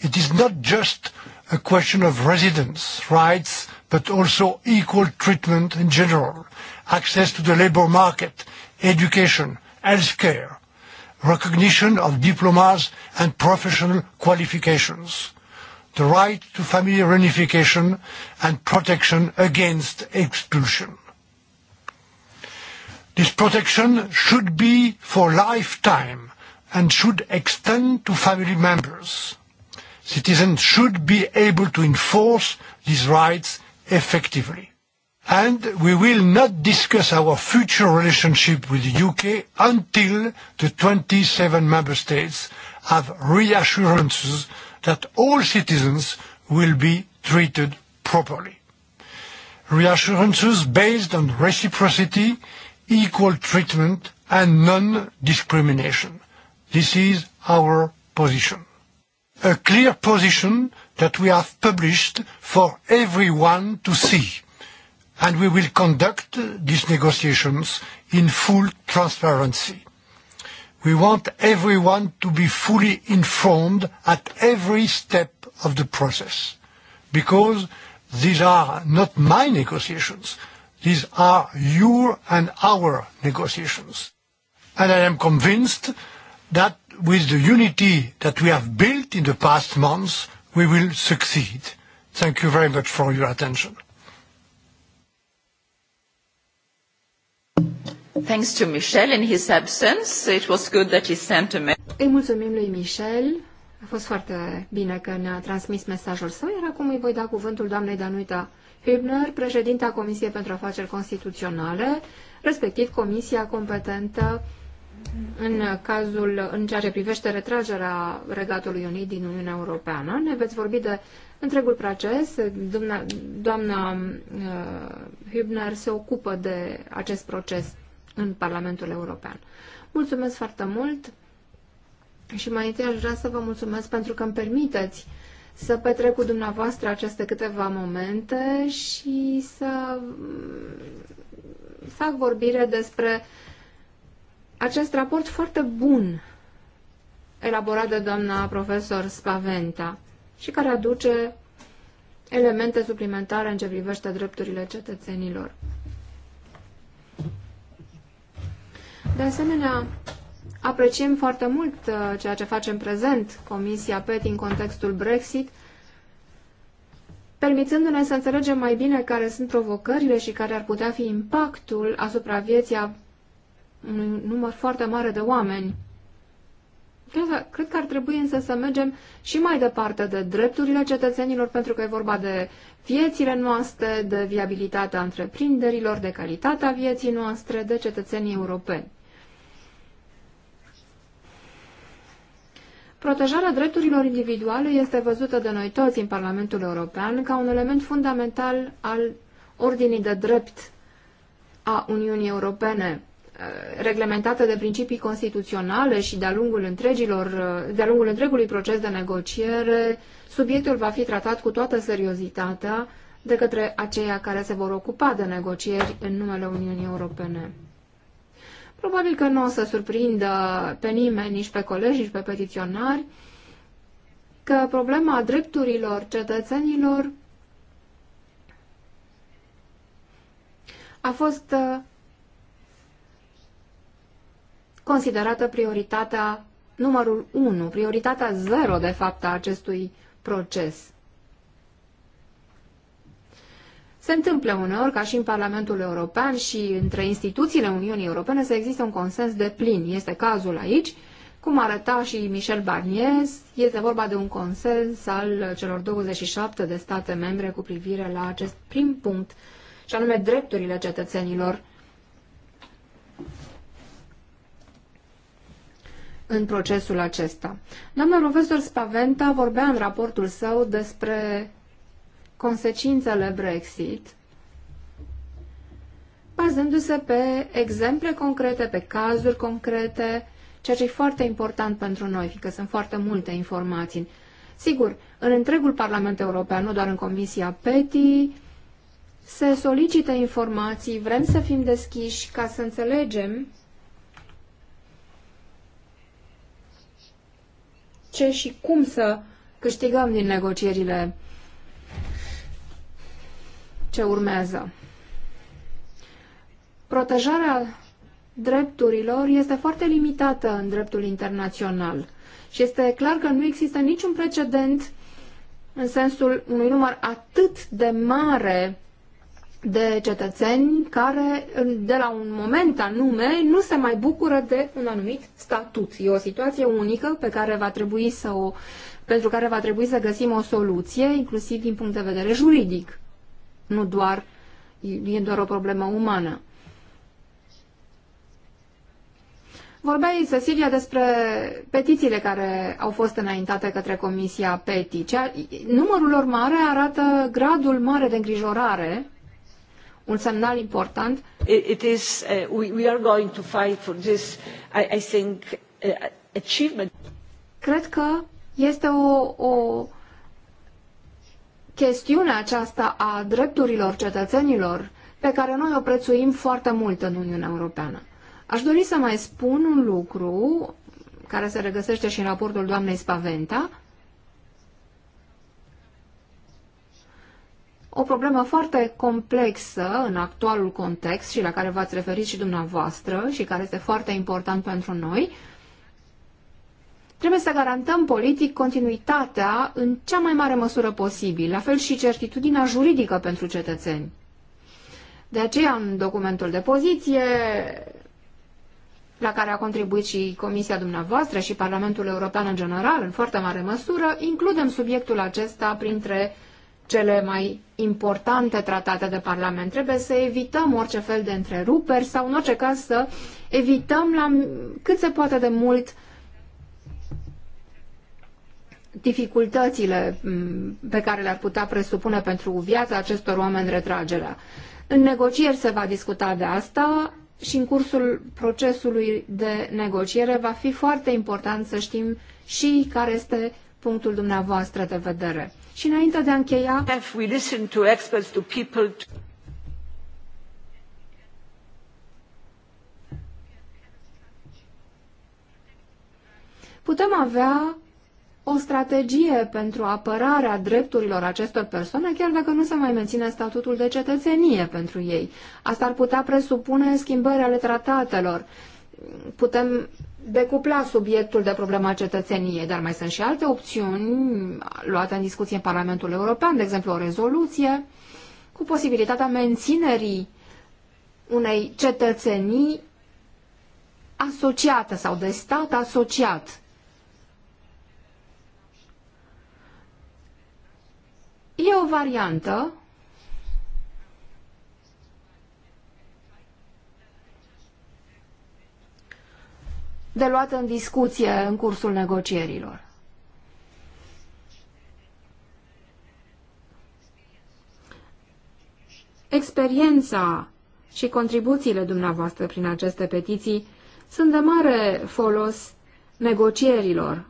It is not just a question of residence rights, but also equal treatment in general, access to the labour market, education, healthcare, recognition of diplomas and professional qualifications, the right to family reunification and protection against expulsion. This protection should be for lifetime and should extend to family members. Citizens should be able to enforce these rights effectively. And we will not discuss our future relationship with the UK until the 27 member states have reassurances that all citizens will be treated properly. Reassurances based on reciprocity equal treatment and non-discrimination. This is our position. A clear position that we have published for everyone to see. And we will conduct these negotiations in full transparency. We want everyone to be fully informed at every step of the process. Because these are not my negotiations These are your and our negotiations. And I am convinced that with the unity that we have built in the past months, we will succeed. Thank you very much for your attention. Thanks to Michel in his absence. It was good that he sent a Îi mulțumim lui Michel. A fost foarte bine că ne-a transmis mesajul său, iar acum îi voi da cuvântul doamnei Danuita Hübner, președinta Comisiei pentru Afaceri Constituționale, respectiv comisia competentă în cazul în ceea ce privește retragerea Regatului Unit din Uniunea Europeană. Ne veți vorbi de întregul proces. Doamna, doamna uh, Hübner se ocupă de acest proces în Parlamentul European. Mulțumesc foarte mult și mai întâi aș vrea să vă mulțumesc pentru că îmi permiteți uh, să petrec cu dumneavoastră aceste câteva momente și să mm, fac vorbire despre acest raport foarte bun elaborat de doamna profesor Spaventa și care aduce elemente suplimentare în ce privește drepturile cetățenilor. De asemenea, Apreciem foarte mult uh, ceea ce face în prezent Comisia PET în contextul Brexit, permițându-ne să înțelegem mai bine care sunt provocările și care ar putea fi impactul asupra vieții a unui număr foarte mare de oameni. Cred, cred că ar trebui însă să mergem și mai departe de drepturile cetățenilor, pentru că e vorba de viețile noastre, de viabilitatea întreprinderilor, de calitatea vieții noastre, de cetățenii europeni. Protejarea drepturilor individuale este văzută de noi toți în Parlamentul European ca un element fundamental al ordinii de drept a Uniunii Europene, eh, reglementată de principii constituționale și de-a lungul, întregilor, eh, de-a lungul întregului proces de negociere, subiectul va fi tratat cu toată seriozitatea de către aceia care se vor ocupa de negocieri în numele Uniunii Europene. Probabil că nu o să surprindă pe nimeni, nici pe colegi, nici pe petiționari, că problema drepturilor cetățenilor a fost uh, considerată prioritatea numărul 1, prioritatea 0, de fapt, a acestui proces. Se întâmplă uneori, ca și în Parlamentul European și între instituțiile Uniunii Europene, să existe un consens de plin. Este cazul aici, cum arăta și Michel Barnier, este vorba de un consens al celor 27 de state membre cu privire la acest prim punct, și anume drepturile cetățenilor în procesul acesta. Doamna profesor Spaventa vorbea în raportul său despre consecințele Brexit, bazându-se pe exemple concrete, pe cazuri concrete, ceea ce e foarte important pentru noi, fiindcă sunt foarte multe informații. Sigur, în întregul Parlament European, nu doar în Comisia PETI, se solicită informații, vrem să fim deschiși ca să înțelegem ce și cum să câștigăm din negocierile ce urmează. Protejarea drepturilor este foarte limitată în dreptul internațional și este clar că nu există niciun precedent în sensul unui număr atât de mare de cetățeni care, de la un moment anume, nu se mai bucură de un anumit statut. E o situație unică pe care va trebui să o, pentru care va trebui să găsim o soluție, inclusiv din punct de vedere juridic. Nu doar, e doar o problemă umană. Vorbeai, Cecilia, despre petițiile care au fost înaintate către Comisia PETI. Cea, numărul lor mare arată gradul mare de îngrijorare, un semnal important. It, it is, uh, we, we are going to fight for this, I, I think, uh, achievement. Cred că este o, o chestiunea aceasta a drepturilor cetățenilor pe care noi o prețuim foarte mult în Uniunea Europeană. Aș dori să mai spun un lucru care se regăsește și în raportul doamnei Spaventa, o problemă foarte complexă în actualul context și la care v-ați referit și dumneavoastră și care este foarte important pentru noi, Trebuie să garantăm politic continuitatea în cea mai mare măsură posibil, la fel și certitudinea juridică pentru cetățeni. De aceea, în documentul de poziție, la care a contribuit și Comisia dumneavoastră și Parlamentul European în general, în foarte mare măsură, includem subiectul acesta printre cele mai importante tratate de Parlament. Trebuie să evităm orice fel de întreruperi sau, în orice caz, să evităm la cât se poate de mult dificultățile pe care le-ar putea presupune pentru viața acestor oameni retragerea. În negocieri se va discuta de asta și în cursul procesului de negociere va fi foarte important să știm și care este punctul dumneavoastră de vedere. Și înainte de a încheia... Putem avea o strategie pentru apărarea drepturilor acestor persoane, chiar dacă nu se mai menține statutul de cetățenie pentru ei. Asta ar putea presupune schimbări ale tratatelor. Putem decupla subiectul de problema cetățeniei, dar mai sunt și alte opțiuni luate în discuție în Parlamentul European, de exemplu o rezoluție cu posibilitatea menținerii unei cetățenii asociată sau de stat asociat E o variantă de luat în discuție în cursul negocierilor. Experiența și contribuțiile dumneavoastră prin aceste petiții sunt de mare folos negocierilor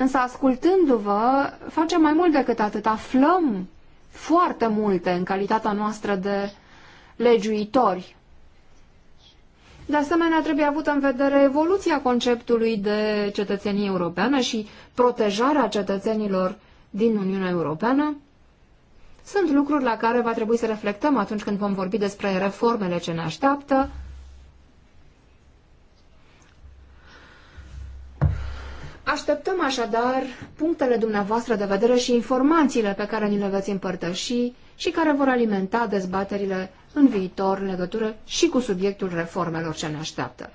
Însă, ascultându-vă, facem mai mult decât atât. Aflăm foarte multe în calitatea noastră de legiuitori. De asemenea, trebuie avut în vedere evoluția conceptului de cetățenie europeană și protejarea cetățenilor din Uniunea Europeană. Sunt lucruri la care va trebui să reflectăm atunci când vom vorbi despre reformele ce ne așteaptă, Așteptăm așadar punctele dumneavoastră de vedere și informațiile pe care ni le veți împărtăși și care vor alimenta dezbaterile în viitor în legătură și cu subiectul reformelor ce ne așteaptă.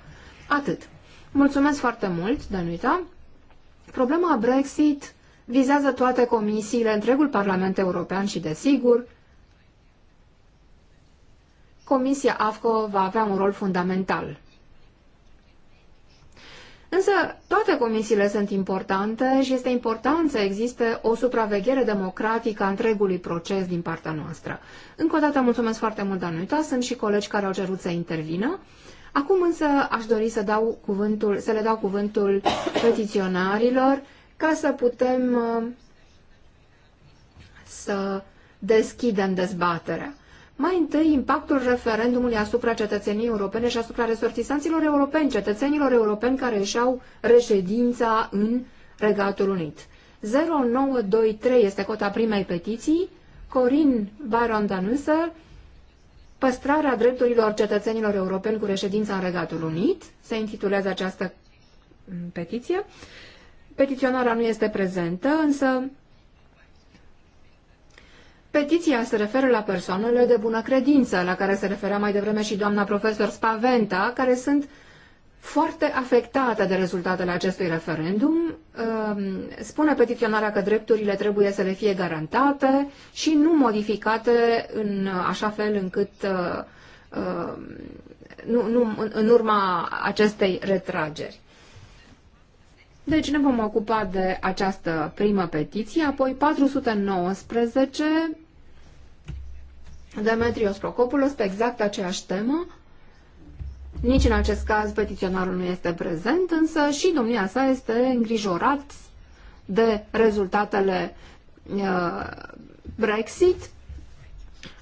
Atât. Mulțumesc foarte mult, Danuita. Problema Brexit vizează toate comisiile, întregul Parlament European și, desigur, Comisia AFCO va avea un rol fundamental Însă toate comisiile sunt importante și este important să existe o supraveghere democratică a întregului proces din partea noastră. Încă o dată mulțumesc foarte mult, dar nu sunt și colegi care au cerut să intervină. Acum însă aș dori să, dau cuvântul, să le dau cuvântul petiționarilor ca să putem uh, să deschidem dezbaterea. Mai întâi, impactul referendumului asupra cetățeniei europene și asupra resortisanților europeni, cetățenilor europeni care își au reședința în Regatul Unit. 0923 este cota primei petiții, Corin Baron Danusă, păstrarea drepturilor cetățenilor europeni cu reședința în Regatul Unit, se intitulează această petiție. Petiționarea nu este prezentă, însă Petiția se referă la persoanele de bună credință, la care se referea mai devreme și doamna profesor Spaventa, care sunt foarte afectate de rezultatele acestui referendum. Ehm, spune petiționarea că drepturile trebuie să le fie garantate și nu modificate în așa fel încât ehm, nu, nu, în urma acestei retrageri. Deci ne vom ocupa de această primă petiție, apoi 419 Demetrios Procopulos pe exact aceeași temă. Nici în acest caz petiționarul nu este prezent, însă și domnia sa este îngrijorat de rezultatele uh, Brexit.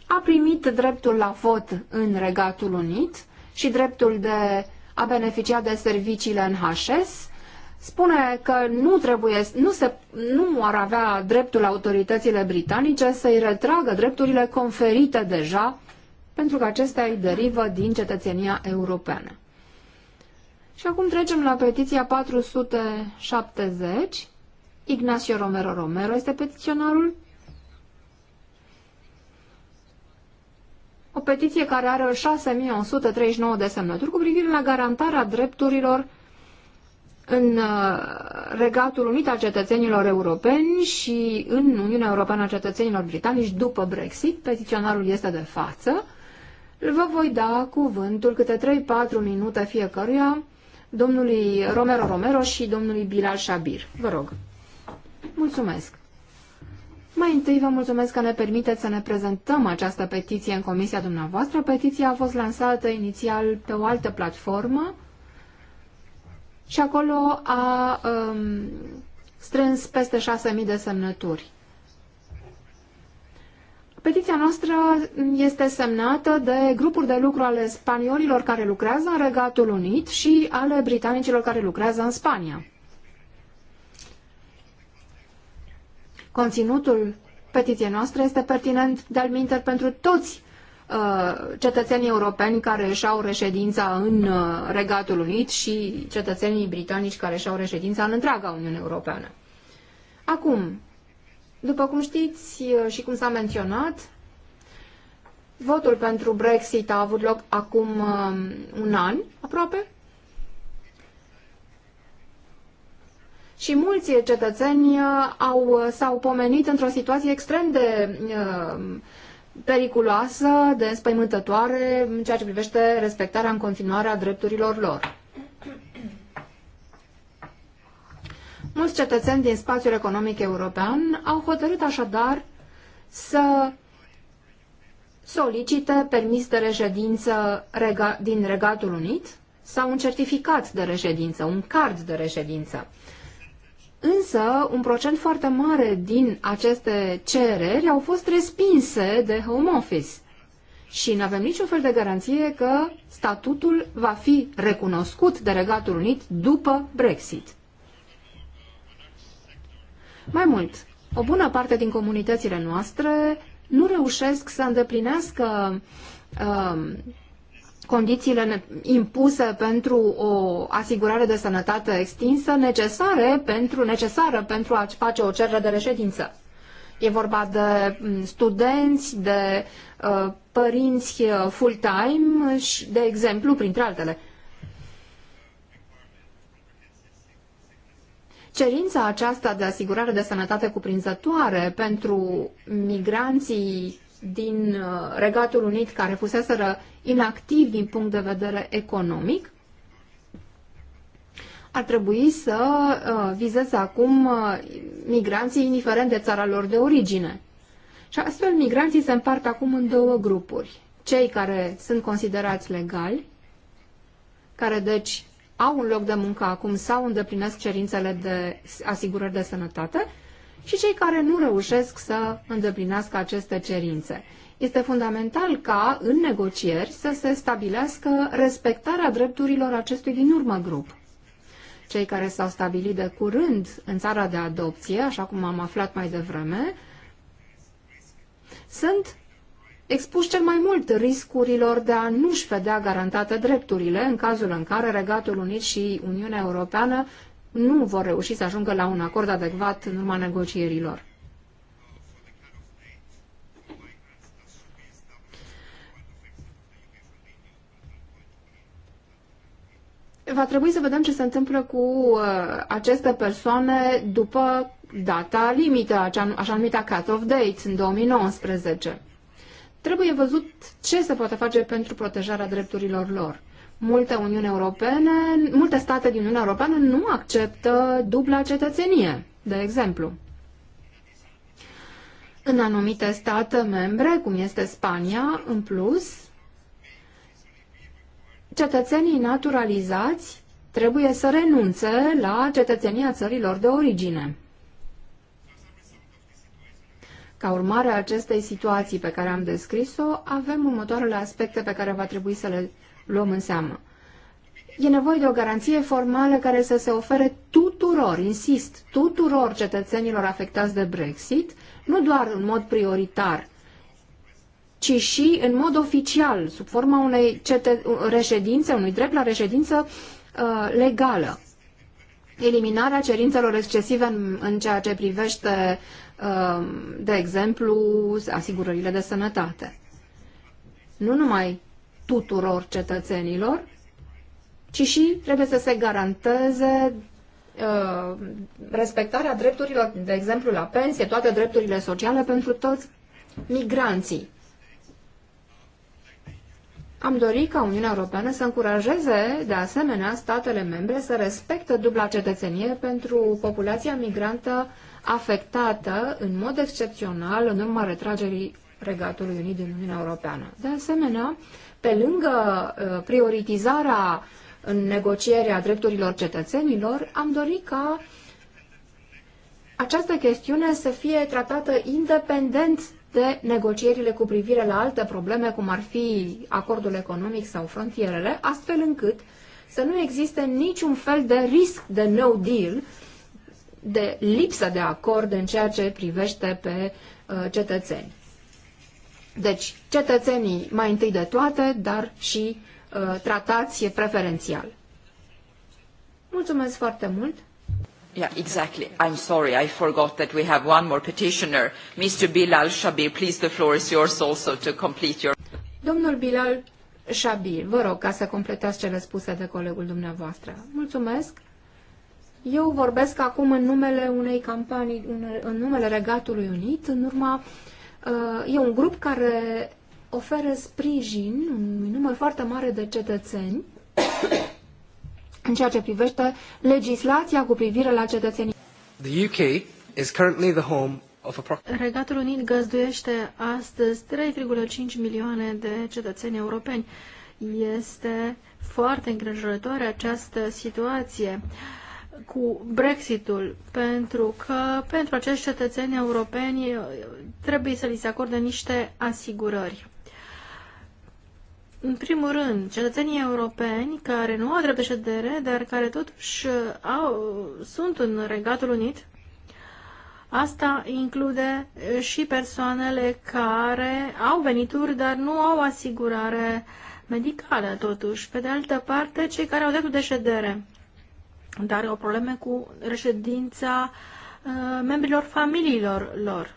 A primit dreptul la vot în Regatul Unit și dreptul de a beneficia de serviciile în HS spune că nu, trebuie, nu, se, nu ar avea dreptul autoritățile britanice să-i retragă drepturile conferite deja, pentru că acestea îi derivă din cetățenia europeană. Și acum trecem la petiția 470. Ignacio Romero Romero este petiționarul. O petiție care are 6139 de semnături cu privire la garantarea drepturilor în uh, regatul unit al cetățenilor europeni și în Uniunea Europeană a cetățenilor britanici după Brexit, petiționarul este de față, vă voi da cuvântul câte 3-4 minute fiecăruia domnului Romero Romero și domnului Bilal Shabir. Vă rog. Mulțumesc. Mai întâi vă mulțumesc că ne permiteți să ne prezentăm această petiție în comisia dumneavoastră. Petiția a fost lansată inițial pe o altă platformă, și acolo a um, strâns peste 6.000 de semnături. Petiția noastră este semnată de grupuri de lucru ale spaniolilor care lucrează în Regatul Unit și ale britanicilor care lucrează în Spania. Conținutul petiției noastre este pertinent de-al pentru toți Uh, cetățenii europeni care își au reședința în uh, Regatul Unit și cetățenii britanici care își au reședința în întreaga Uniune Europeană. Acum, după cum știți uh, și cum s-a menționat, votul pentru Brexit a avut loc acum un an aproape și mulți cetățeni au, s-au pomenit într-o situație extrem de uh, periculoasă, de înspăimântătoare în ceea ce privește respectarea în continuare a drepturilor lor. Mulți cetățeni din spațiul economic european au hotărât așadar să solicite permis de reședință din Regatul Unit sau un certificat de reședință, un card de reședință. Însă, un procent foarte mare din aceste cereri au fost respinse de Home Office. Și nu avem niciun fel de garanție că statutul va fi recunoscut de Regatul Unit după Brexit. Mai mult, o bună parte din comunitățile noastre nu reușesc să îndeplinească uh, condițiile impuse pentru o asigurare de sănătate extinsă necesare pentru, necesară pentru a face o cerere de reședință. E vorba de mm, studenți, de uh, părinți uh, full-time și, de exemplu, printre altele. Cerința aceasta de asigurare de sănătate cuprinzătoare pentru migranții din uh, Regatul Unit care fuseseră inactiv din punct de vedere economic, ar trebui să uh, vizeze acum uh, migranții indiferent de țara lor de origine. Și astfel migranții se împart acum în două grupuri. Cei care sunt considerați legali, care deci au un loc de muncă acum sau îndeplinesc cerințele de asigurări de sănătate, și cei care nu reușesc să îndeplinească aceste cerințe. Este fundamental ca, în negocieri, să se stabilească respectarea drepturilor acestui din urmă grup. Cei care s-au stabilit de curând în țara de adopție, așa cum am aflat mai devreme, sunt expuși cel mai mult riscurilor de a nu-și vedea garantate drepturile în cazul în care Regatul Unit și Uniunea Europeană nu vor reuși să ajungă la un acord adecvat în urma negocierilor. Va trebui să vedem ce se întâmplă cu uh, aceste persoane după data limită, așa numită cut-off date, în 2019. Trebuie văzut ce se poate face pentru protejarea drepturilor lor. Multe, uniuni Europene, multe state din Uniunea Europeană nu acceptă dubla cetățenie, de exemplu. În anumite state membre, cum este Spania, în plus, cetățenii naturalizați trebuie să renunțe la cetățenia țărilor de origine. Ca urmare a acestei situații pe care am descris-o, avem următoarele aspecte pe care va trebui să le luăm în seamă. E nevoie de o garanție formală care să se ofere tuturor, insist, tuturor cetățenilor afectați de Brexit, nu doar în mod prioritar, ci și în mod oficial, sub forma unei cetă- reședințe, unui drept la reședință uh, legală. Eliminarea cerințelor excesive în, în ceea ce privește, uh, de exemplu, asigurările de sănătate. Nu numai tuturor cetățenilor, ci și trebuie să se garanteze uh, respectarea drepturilor, de exemplu la pensie, toate drepturile sociale pentru toți migranții. Am dorit ca Uniunea Europeană să încurajeze, de asemenea, statele membre să respecte dubla cetățenie pentru populația migrantă afectată în mod excepțional în urma retragerii Regatului Unit din Uniunea Europeană. De asemenea, pe lângă ă, prioritizarea în negocierea drepturilor cetățenilor, am dorit ca această chestiune să fie tratată independent de negocierile cu privire la alte probleme, cum ar fi acordul economic sau frontierele, astfel încât să nu existe niciun fel de risc de no deal, de lipsă de acord în ceea ce privește pe uh, cetățeni. Deci, cetățenii mai întâi de toate, dar și uh, tratați preferențial. Mulțumesc foarte mult! Yeah, exactly. I'm sorry, I forgot that we have one more petitioner. Mr. Bilal Shabir, please, the floor is yours also to complete your... Domnul Bilal Shabir, vă rog ca să completați cele spuse de colegul dumneavoastră. Mulțumesc. Eu vorbesc acum în numele unei campanii, în numele Regatului Unit, în urma uh, Uh, e un grup care oferă sprijin unui număr foarte mare de cetățeni în ceea ce privește legislația cu privire la cetățenii. The UK is currently the home Regatul Unit găzduiește astăzi 3,5 milioane de cetățeni europeni. Este foarte îngrijorătoare această situație. Uh, cu Brexitul, pentru că pentru acești cetățeni europeni uh, trebuie să li se acorde niște asigurări. În primul rând, cetățenii europeni care nu au drept de ședere, dar care totuși uh, au, sunt în Regatul Unit, Asta include uh, și persoanele care au venituri, dar nu au asigurare medicală, totuși. Pe de altă parte, cei care au dreptul de ședere dar au probleme cu reședința uh, membrilor familiilor lor.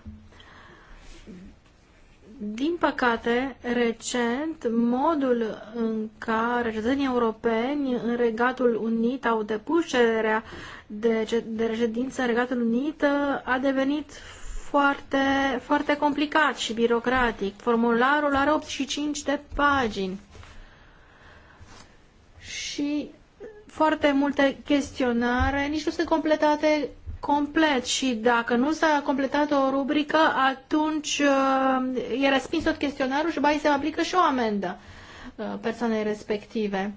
Din păcate, recent, modul în care cetățenii europeni în Regatul Unit au depus cererea de, de reședință în Regatul Unit uh, a devenit foarte, foarte complicat și birocratic. Formularul are 85 de pagini. Și foarte multe chestionare, nici nu sunt completate complet și dacă nu s-a completat o rubrică, atunci uh, e respins tot chestionarul și bai se aplică și o amendă uh, persoanei respective.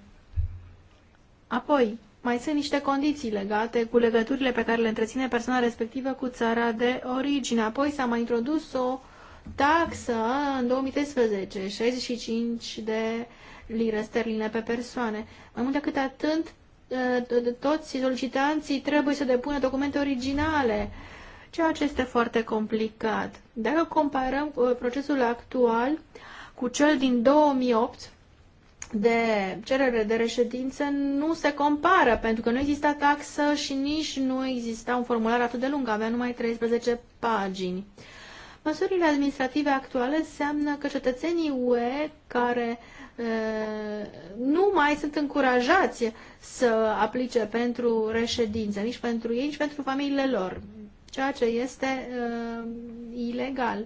Apoi, mai sunt niște condiții legate cu legăturile pe care le întreține persoana respectivă cu țara de origine. Apoi s-a mai introdus o taxă în 2013, 65 de lire sterline pe persoane. Mai mult decât atât, toți solicitanții trebuie să depună documente originale, ceea ce este foarte complicat. Dacă comparăm uh, procesul actual cu cel din 2008 de cerere de reședință, nu se compară, pentru că nu exista taxă și nici nu exista un formular atât de lung, avea numai 13 pagini. Măsurile administrative actuale înseamnă că cetățenii UE care nu mai sunt încurajați să aplice pentru reședință, nici pentru ei, nici pentru familiile lor, ceea ce este uh, ilegal.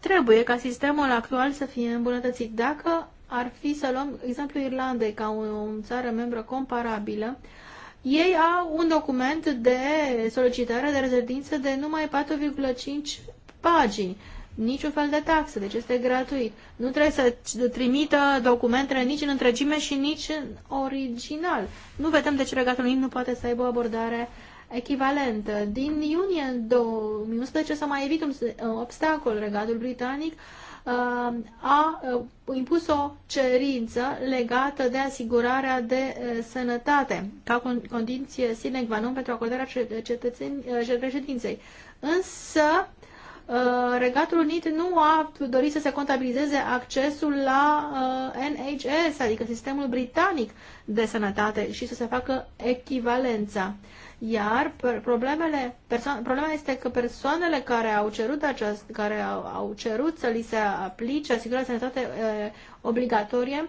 Trebuie ca sistemul actual să fie îmbunătățit. Dacă ar fi să luăm exemplu Irlandei ca o, o țară membră comparabilă, ei au un document de solicitare de rezidență de numai 4,5 pagini. Niciun fel de taxă, deci este gratuit. Nu trebuie să trimită documentele nici în întregime și nici în original. Nu vedem de ce Regatul Unit nu poate să aibă o abordare echivalentă. Din iunie 2011 s-a mai evit un obstacol. Regatul Britanic Uh, a uh, impus o cerință legată de asigurarea de uh, sănătate ca condiție sine qua non pentru acordarea reședinței. Însă, Regatul Unit nu a dorit să se contabilizeze accesul la NHS, adică sistemul britanic de sănătate, și să se facă echivalența. Iar problemele, perso- problema este că persoanele care au cerut, aceast, care au, au cerut să li se aplice asigurarea de sănătate e, obligatorie e,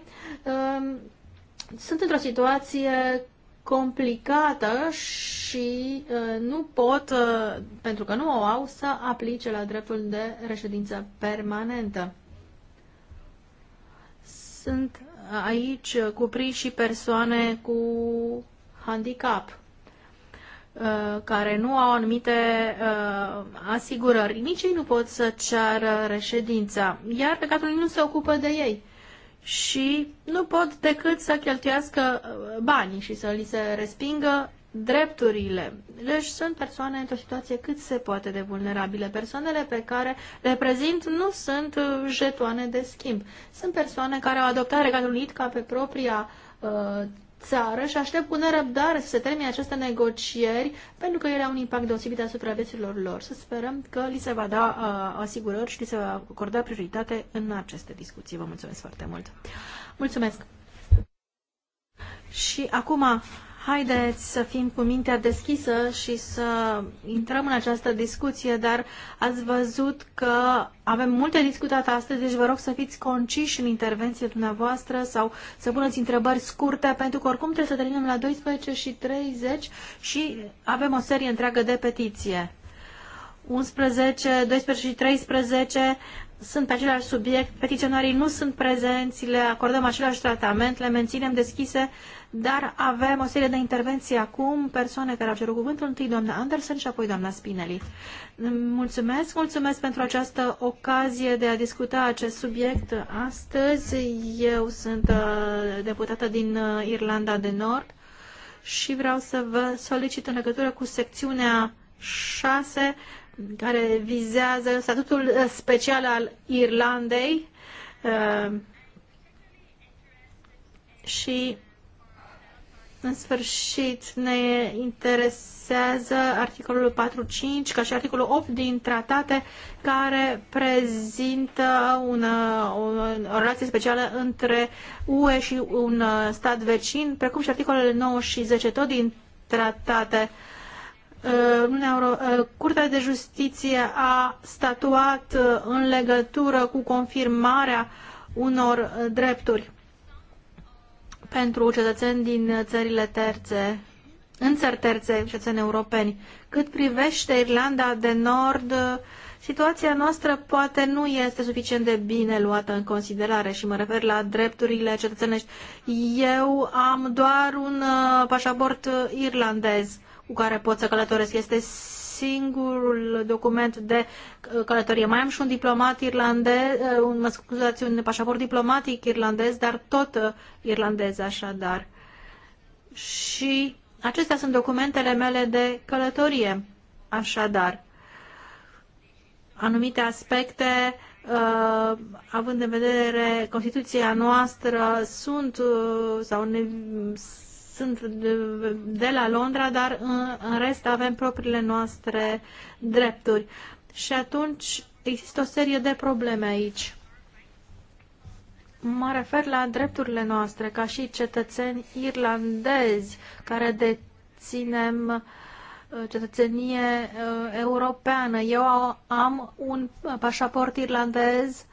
sunt într-o situație complicată și uh, nu pot, uh, pentru că nu o au, să aplice la dreptul de reședință permanentă. Sunt aici cuprinși și persoane cu handicap. Uh, care nu au anumite uh, asigurări. Nici ei nu pot să ceară reședința, iar Regatul Unit nu se ocupă de ei și nu pot decât să cheltuiască uh, banii și să li se respingă drepturile. Deci sunt persoane într-o situație cât se poate de vulnerabile. Persoanele pe care le prezint nu sunt uh, jetoane de schimb. Sunt persoane care au adoptat Regatul Unit ca pe propria uh, țară și aștept cu nerăbdare să se termine aceste negocieri pentru că ele au un impact deosebit asupra vieților lor. Să sperăm că li se va da uh, asigurări și li se va acorda prioritate în aceste discuții. Vă mulțumesc foarte mult! Mulțumesc! Și acum Haideți să fim cu mintea deschisă și să intrăm în această discuție, dar ați văzut că avem multe discutat astăzi, deci vă rog să fiți conciși în intervenție dumneavoastră sau să puneți întrebări scurte, pentru că oricum trebuie să terminăm la 12 și 30 și avem o serie întreagă de petiție. 11, 12 și 13 sunt pe același subiect, petiționarii nu sunt prezenți, le acordăm același tratament, le menținem deschise dar avem o serie de intervenții acum, persoane care au cerut cuvântul, întâi doamna Anderson și apoi doamna Spinelli. Mulțumesc, mulțumesc pentru această ocazie de a discuta acest subiect astăzi. Eu sunt uh, deputată din uh, Irlanda de Nord și vreau să vă solicit în legătură cu secțiunea 6 care vizează statutul uh, special al Irlandei și în sfârșit, ne interesează articolul 4.5, ca și articolul 8 din tratate, care prezintă una, o, o relație specială între UE și un uh, stat vecin, precum și articolele 9 și 10, tot din tratate. Uh, uh, Curtea de Justiție a statuat în legătură cu confirmarea unor drepturi pentru cetățeni din țările terțe, în țări terțe, cetățeni europeni. Cât privește Irlanda de Nord, situația noastră poate nu este suficient de bine luată în considerare și mă refer la drepturile cetățenești. Eu am doar un uh, pașaport irlandez cu care pot să călătoresc. Este singurul document de uh, călătorie. Mai am și un diplomat irlandez, uh, un, mă scuzați, un pașaport diplomatic irlandez, dar tot uh, irlandez așadar. Și acestea sunt documentele mele de călătorie. Așadar, anumite aspecte Uh, având în vedere Constituția noastră, sunt uh, sau ne, sunt de la Londra, dar în rest avem propriile noastre drepturi. Și atunci există o serie de probleme aici. Mă refer la drepturile noastre ca și cetățeni irlandezi care deținem uh, cetățenie uh, europeană. Eu am un pașaport irlandez,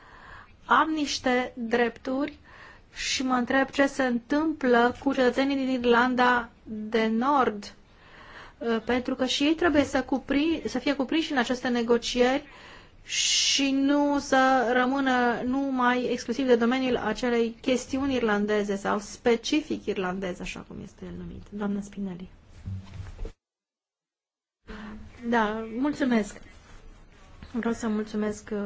am niște drepturi și mă întreb ce se întâmplă cu cetățenii din Irlanda de Nord, uh, pentru că și ei trebuie să, cupri, să fie cuprinși în aceste negocieri și nu să rămână numai exclusiv de domeniul acelei chestiuni irlandeze sau specific irlandeze, așa cum este el numit. Doamna Spinelli. Da, mulțumesc. Vreau să mulțumesc uh,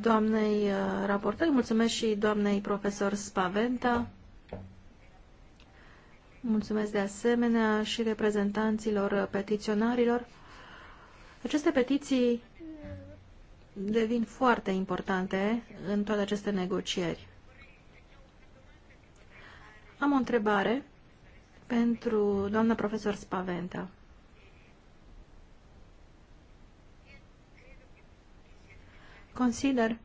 doamnei uh, raportări, mulțumesc și doamnei profesor Spaventa, mulțumesc de asemenea și reprezentanților petiționarilor. Aceste petiții devin foarte importante în toate aceste negocieri. Am o întrebare pentru doamna profesor Spaventa. Consider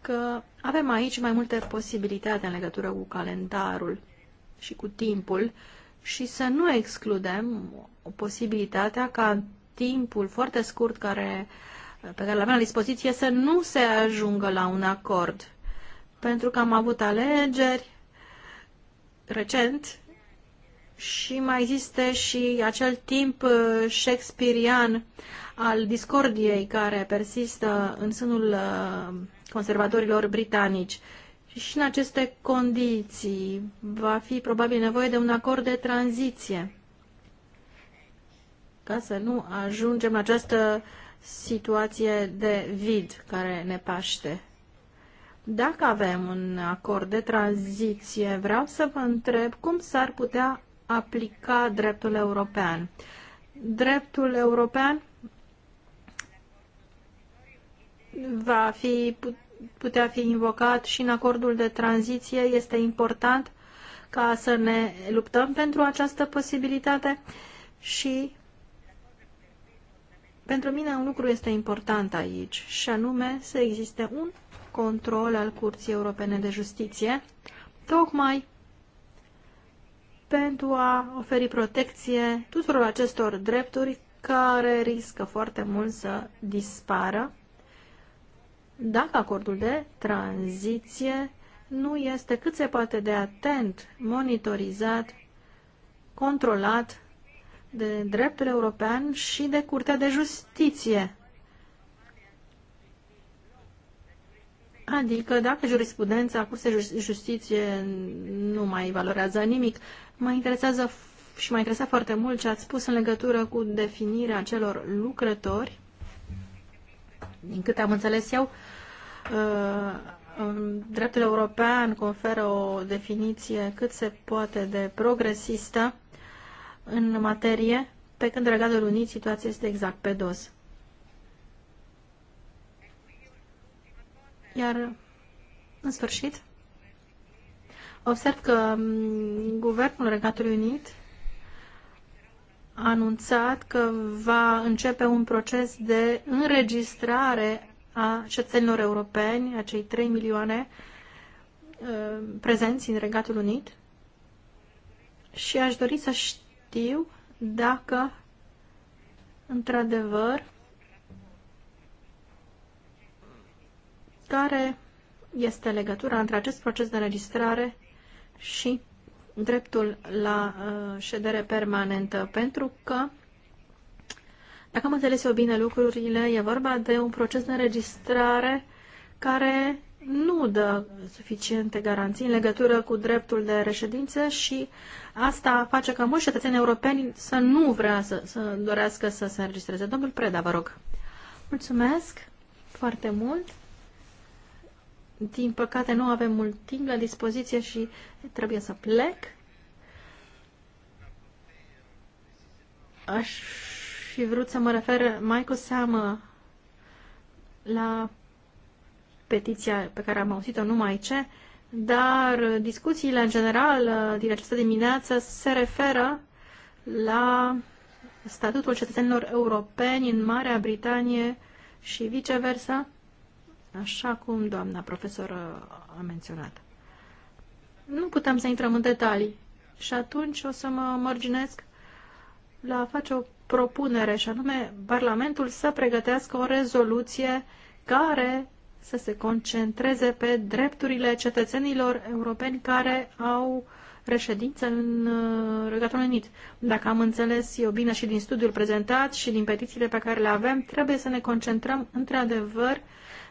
că avem aici mai multe posibilități în legătură cu calendarul și cu timpul și să nu excludem o posibilitatea ca timpul foarte scurt care, pe care l avem la dispoziție să nu se ajungă la un acord. Pentru că am avut alegeri recent și mai există și acel timp uh, shakespearian al discordiei care persistă în sânul uh, conservatorilor britanici. Și în aceste condiții va fi probabil nevoie de un acord de tranziție ca să nu ajungem la această situație de vid care ne paște. Dacă avem un acord de tranziție, vreau să vă întreb cum s-ar putea aplica dreptul european. Dreptul european va fi, putea fi invocat și în acordul de tranziție. Este important ca să ne luptăm pentru această posibilitate și pentru mine un lucru este important aici și anume să existe un control al Curții Europene de Justiție tocmai pentru a oferi protecție tuturor acestor drepturi care riscă foarte mult să dispară dacă acordul de tranziție nu este cât se poate de atent, monitorizat, controlat de dreptul european și de Curtea de Justiție. Adică dacă jurisprudența Curții de Justiție nu mai valorează nimic, Mă interesează și mai interesa interesat foarte mult ce ați spus în legătură cu definirea celor lucrători. Din câte am înțeles eu, uh, dreptul european conferă o definiție cât se poate de progresistă în materie, pe când Regatul Unit situația este exact pe dos. Iar, în sfârșit, Observ că mm, Guvernul Regatului Unit a anunțat că va începe un proces de înregistrare a cetățenilor europeni, a cei 3 milioane mm, prezenți în Regatul Unit și aș dori să știu dacă într-adevăr care este legătura între acest proces de înregistrare și dreptul la uh, ședere permanentă, pentru că, dacă am înțeles eu bine lucrurile, e vorba de un proces de înregistrare care nu dă suficiente garanții în legătură cu dreptul de reședință și asta face ca mulți cetățeni europeni să nu vrea să, să dorească să se înregistreze. Domnul Preda, vă rog. Mulțumesc foarte mult. Din păcate nu avem mult timp la dispoziție și trebuie să plec. Aș fi vrut să mă refer mai cu seamă la petiția pe care am auzit-o numai ce, dar discuțiile în general din această dimineață se referă la statutul cetățenilor europeni în Marea Britanie și viceversa așa cum doamna profesoră a menționat. Nu putem să intrăm în detalii și atunci o să mă mărginesc la a face o propunere și anume Parlamentul să pregătească o rezoluție care să se concentreze pe drepturile cetățenilor europeni care au reședință în uh, Regatul Unit. Dacă am înțeles eu bine și din studiul prezentat și din petițiile pe care le avem, trebuie să ne concentrăm într-adevăr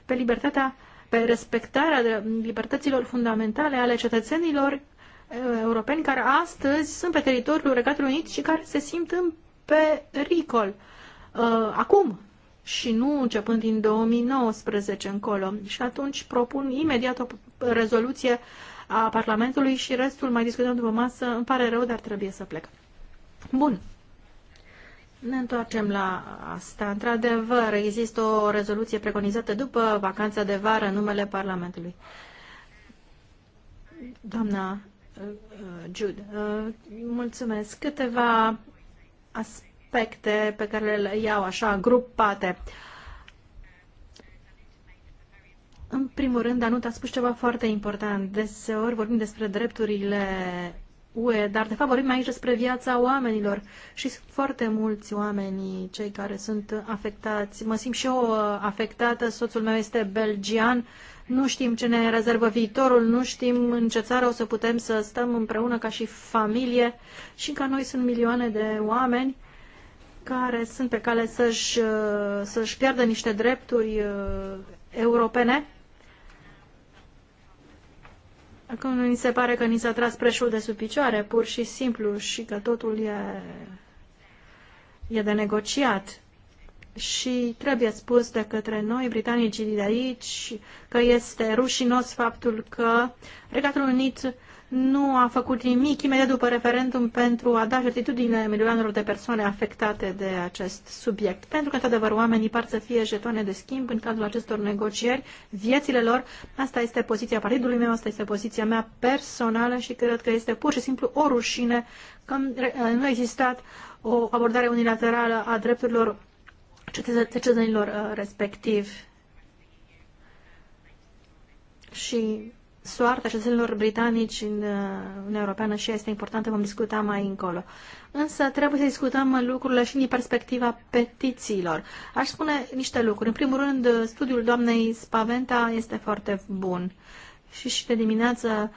pe libertatea, pe respectarea libertăților fundamentale ale cetățenilor eh, europeni care astăzi sunt pe teritoriul Regatului Unit și care se simt în pericol eh, acum și nu începând din 2019 încolo. Și atunci propun imediat o rezoluție a Parlamentului și restul mai discutăm după masă. Îmi pare rău, dar trebuie să plec. Bun. Ne întoarcem la asta. Într-adevăr, există o rezoluție preconizată după vacanța de vară în numele Parlamentului. Doamna uh, uh, Jude, uh, mulțumesc. Câteva aspecte pe care le iau așa grupate. În primul rând, Anut a spus ceva foarte important. Deseori vorbim despre drepturile UE, dar de fapt vorbim aici despre viața oamenilor și sunt foarte mulți oameni cei care sunt afectați. Mă simt și eu uh, afectată, soțul meu este belgian, nu știm ce ne rezervă viitorul, nu știm în ce țară o să putem să stăm împreună ca și familie și ca noi sunt milioane de oameni care sunt pe cale să-și, uh, să-și pierdă niște drepturi uh, europene Acum mi se pare că ni s-a tras preșul de sub picioare, pur și simplu, și că totul e, e de negociat. Și trebuie spus de către noi, britanicii de aici, că este rușinos faptul că Regatul Unit nu a făcut nimic imediat după referendum pentru a da certitudine milioanelor de persoane afectate de acest subiect. Pentru că, într-adevăr, oamenii par să fie jetoane de schimb în cazul acestor negocieri, viețile lor. Asta este poziția partidului meu, asta este poziția mea personală și cred că este pur și simplu o rușine că nu a existat o abordare unilaterală a drepturilor cetățenilor uh, respectiv. Și soarta cetățenilor britanici în uh, Uniunea Europeană și este importantă, vom discuta mai încolo. Însă trebuie să discutăm lucrurile și din perspectiva petițiilor. Aș spune niște lucruri. În primul rând, studiul doamnei Spaventa este foarte bun. Și și de dimineață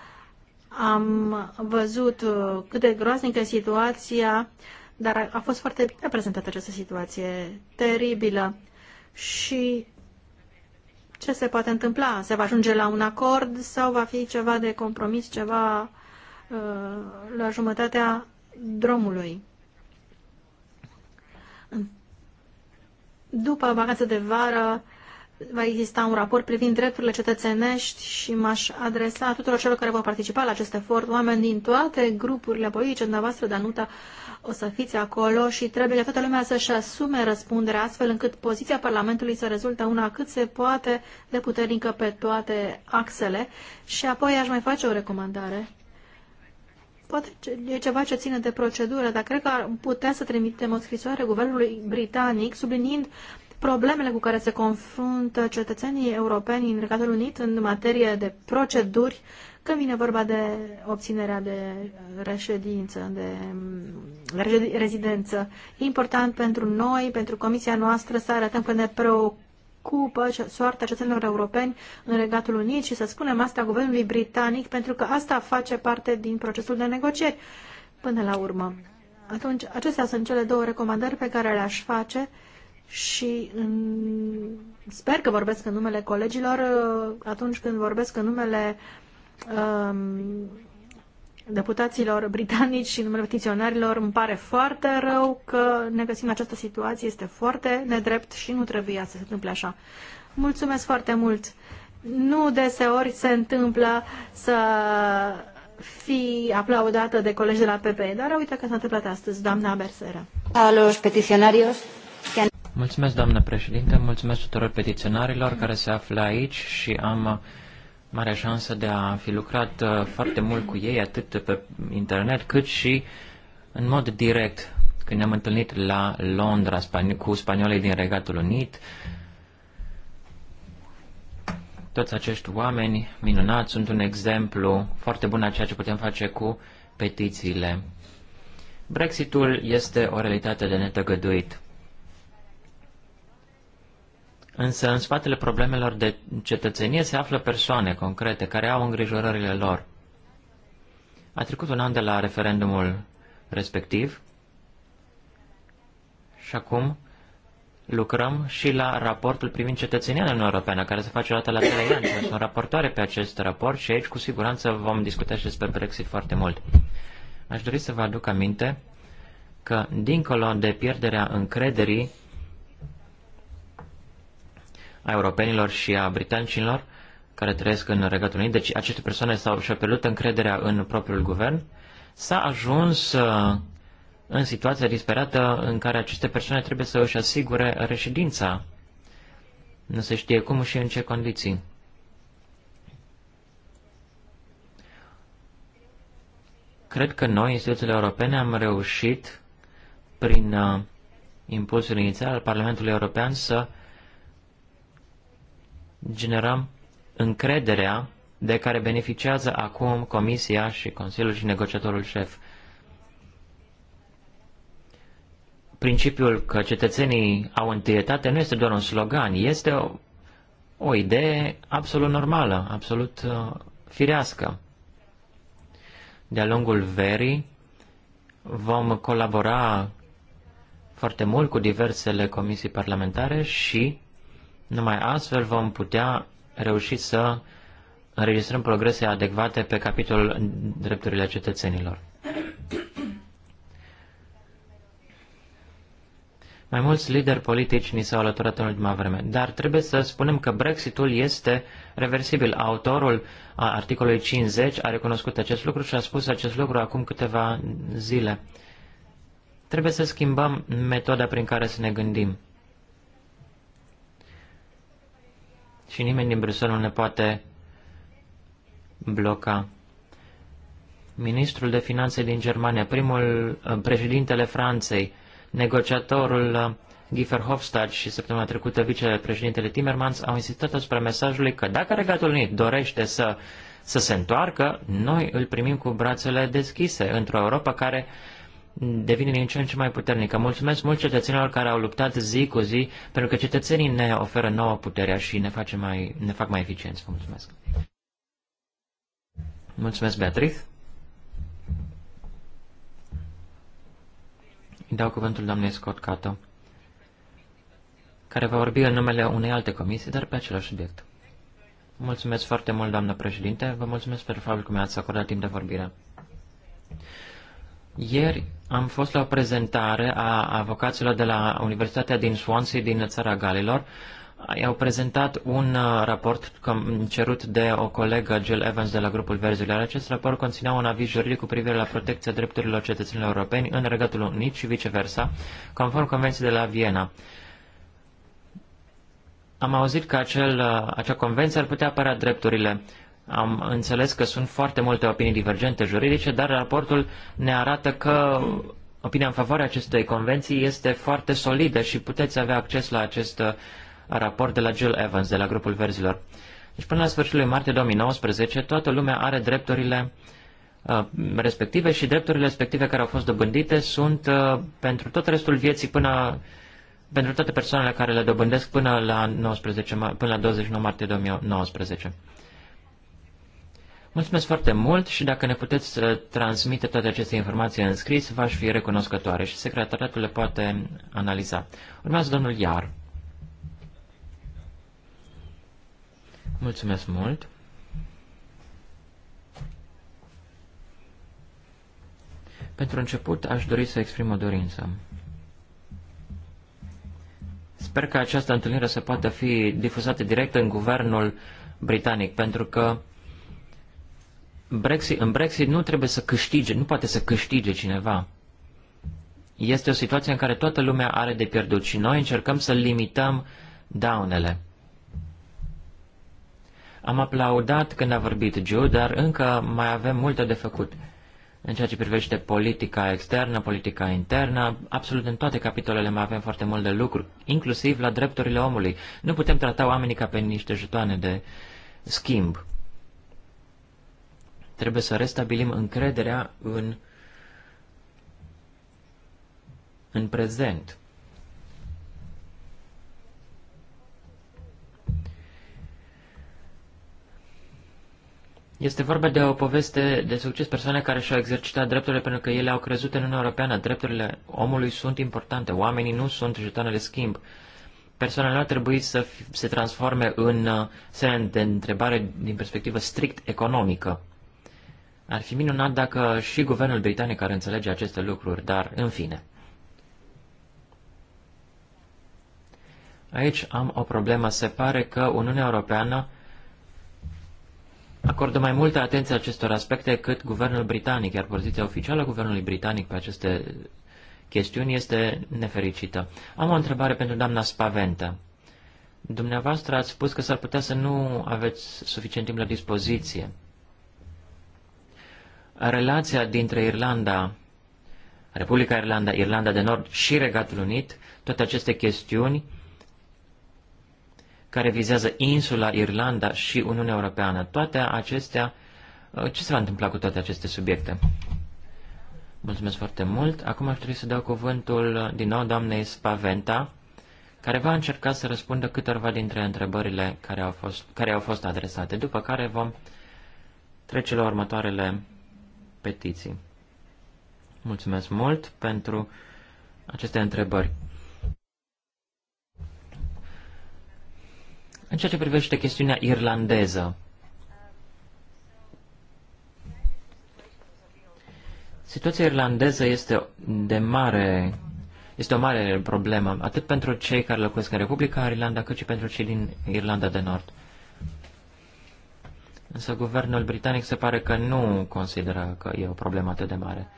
am văzut uh, cât de groaznică situația, dar a fost foarte bine prezentată această situație, teribilă. Și ce se poate întâmpla? Se va ajunge la un acord sau va fi ceva de compromis, ceva uh, la jumătatea drumului? După vacanța de vară va exista un raport privind drepturile cetățenești și m-aș adresa tuturor celor care vor participa la acest efort, oameni din toate grupurile politice, dumneavoastră, Danuta, uh, o să fiți acolo și trebuie ca toată lumea să-și asume răspunderea astfel încât poziția Parlamentului să rezulte una cât se poate de puternică pe toate axele. Și apoi aș mai face o recomandare. Poate e ceva ce ține de procedură, dar cred că ar putea să trimitem o scrisoare guvernului britanic subliniind uh, problemele cu care se confruntă cetățenii europeni în Regatul Unit în materie de proceduri, când vine vorba de obținerea de reședință, de rezidență. E important pentru noi, pentru comisia noastră, să arătăm că ne preocupă soarta cetățenilor europeni în Regatul Unit și să spunem asta guvernului britanic, pentru că asta face parte din procesul de negocieri până la urmă. Atunci, acestea sunt cele două recomandări pe care le-aș face și în... sper că vorbesc în numele colegilor uh, atunci când vorbesc în numele um, deputaților britanici și în numele petiționarilor. Îmi pare foarte rău că ne găsim în această situație. Este foarte nedrept și nu trebuia să se întâmple așa. Mulțumesc foarte mult! Nu deseori se întâmplă să fi aplaudată de colegi de la PP, dar uite că s-a întâmplat astăzi, doamna Berseră. A los peticionarios que Mulțumesc, doamnă președinte, mulțumesc tuturor petiționarilor care se află aici și am uh, marea șansă de a fi lucrat uh, foarte mult cu ei, atât pe internet, cât și în mod direct, când ne-am întâlnit la Londra cu spaniolii din Regatul Unit. Toți acești oameni minunați sunt un exemplu foarte bun a ceea ce putem face cu petițiile. Brexitul este o realitate de netăgăduit. Însă în spatele problemelor de cetățenie se află persoane concrete care au îngrijorările lor. A trecut un an de la referendumul respectiv și acum lucrăm și la raportul privind cetățenia în Europeană, care se face o dată la trei ani. sunt raportoare pe acest raport și aici cu siguranță vom discuta și despre Brexit foarte mult. Aș dori să vă aduc aminte că, dincolo de pierderea încrederii a europenilor și a britanicilor care trăiesc în Regatul Unit, deci aceste persoane s-au și-au pierdut încrederea în propriul guvern, s-a ajuns uh, în situația disperată în care aceste persoane trebuie să își asigure reședința. Nu se știe cum și în ce condiții. Cred că noi, instituțiile europene, am reușit, prin uh, impulsul inițial al Parlamentului European, să generăm încrederea de care beneficiază acum Comisia și Consiliul și negociatorul șef. Principiul că cetățenii au întâietate nu este doar un slogan, este o, o idee absolut normală, absolut uh, firească. De-a lungul verii vom colabora foarte mult cu diversele comisii parlamentare și numai astfel vom putea reuși să înregistrăm progrese adecvate pe capitolul drepturile cetățenilor. Mai mulți lideri politici ni s-au alăturat în ultima vreme, dar trebuie să spunem că Brexitul este reversibil. Autorul a articolului 50 a recunoscut acest lucru și a spus acest lucru acum câteva zile. Trebuie să schimbăm metoda prin care să ne gândim. și nimeni din Bruxelles nu ne poate bloca. Ministrul de Finanțe din Germania, primul uh, președintele Franței, negociatorul uh, Giefer Hofstadt și săptămâna trecută vicepreședintele Timmermans au insistat asupra mesajului că dacă Regatul Unit dorește să, să se întoarcă, noi îl primim cu brațele deschise într-o Europa care uh, devine din ce în ce mai puternică. Mulțumesc mult cetățenilor care au luptat zi cu zi, pentru că cetățenii ne oferă nouă puterea și ne, face mai, ne fac mai eficienți. Vă mulțumesc. Mulțumesc, Beatriz. Îi dau cuvântul doamnei Scott Cato, care va vorbi în numele unei alte comisii, dar pe același subiect. Mulțumesc foarte mult, doamnă președinte. Vă mulțumesc pentru faptul că mi-ați acordat timp de vorbire. Ieri am fost la o prezentare a avocaților de la Universitatea din Swansea, din țara Galilor. I-au prezentat un uh, raport cerut de o colegă, Jill Evans, de la grupul Verzilor. Acest raport conținea un aviz juridic cu privire la protecția drepturilor cetățenilor europeni în Regatul Unit și viceversa, conform Convenției de la Viena. Am auzit că acel, uh, acea convenție ar putea apăra drepturile am înțeles că sunt foarte multe opinii divergente juridice, dar raportul ne arată că opinia în favoarea acestei convenții este foarte solidă și puteți avea acces la acest uh, raport de la Jill Evans, de la grupul verzilor. Deci până la sfârșitul martie 2019, toată lumea are drepturile uh, respective și drepturile respective care au fost dobândite sunt uh, pentru tot restul vieții până pentru toate persoanele care le dobândesc până la, 19, până la 29 martie 2019. Mulțumesc foarte mult și dacă ne puteți uh, transmite toate aceste informații în scris, v-aș fi recunoscătoare și secretariatul le poate analiza. Urmează domnul Iar. Mulțumesc mult. Pentru început, aș dori să exprim o dorință. Sper că această întâlnire să poată fi difuzată direct în guvernul britanic, pentru că Brexit, în Brexit nu trebuie să câștige, nu poate să câștige cineva. Este o situație în care toată lumea are de pierdut și noi încercăm să limităm daunele. Am aplaudat când a vorbit Joe, dar încă mai avem multe de făcut în ceea ce privește politica externă, politica internă, absolut în toate capitolele mai avem foarte mult de lucru, inclusiv la drepturile omului. Nu putem trata oamenii ca pe niște jetoane de schimb. Trebuie să restabilim încrederea în, în prezent. Este vorba de o poveste de succes, persoane care și-au exercitat drepturile pentru că ele au crezut în Uniunea Europeană. Drepturile omului sunt importante, oamenii nu sunt jetoane schimb. Persoanele nu ar trebui să se transforme în uh, semn de întrebare din perspectivă strict economică. Ar fi minunat dacă și guvernul britanic ar înțelege aceste lucruri, dar în fine. Aici am o problemă. Se pare că Uniunea Europeană acordă mai multă atenție acestor aspecte cât guvernul britanic, iar poziția oficială a guvernului britanic pe aceste chestiuni este nefericită. Am o întrebare pentru doamna Spaventă. Dumneavoastră ați spus că s-ar putea să nu aveți suficient timp la dispoziție relația dintre Irlanda, Republica Irlanda, Irlanda de Nord și Regatul Unit, toate aceste chestiuni care vizează insula Irlanda și Uniunea Europeană. Toate acestea, uh, ce se va întâmpla cu toate aceste subiecte? Mulțumesc foarte mult. Acum aș trebui să dau cuvântul uh, din nou doamnei Spaventa, care va încerca să răspundă câteva dintre întrebările care au fost, care au fost adresate, după care vom trece la următoarele petiții. Mulțumesc mult pentru aceste întrebări. În ceea ce privește chestiunea irlandeză, situația irlandeză este de mare, este o mare problemă, atât pentru cei care locuiesc în Republica Irlanda, cât și pentru cei din Irlanda de Nord. Însă guvernul britanic se pare că nu consideră că e o problemă atât de mare.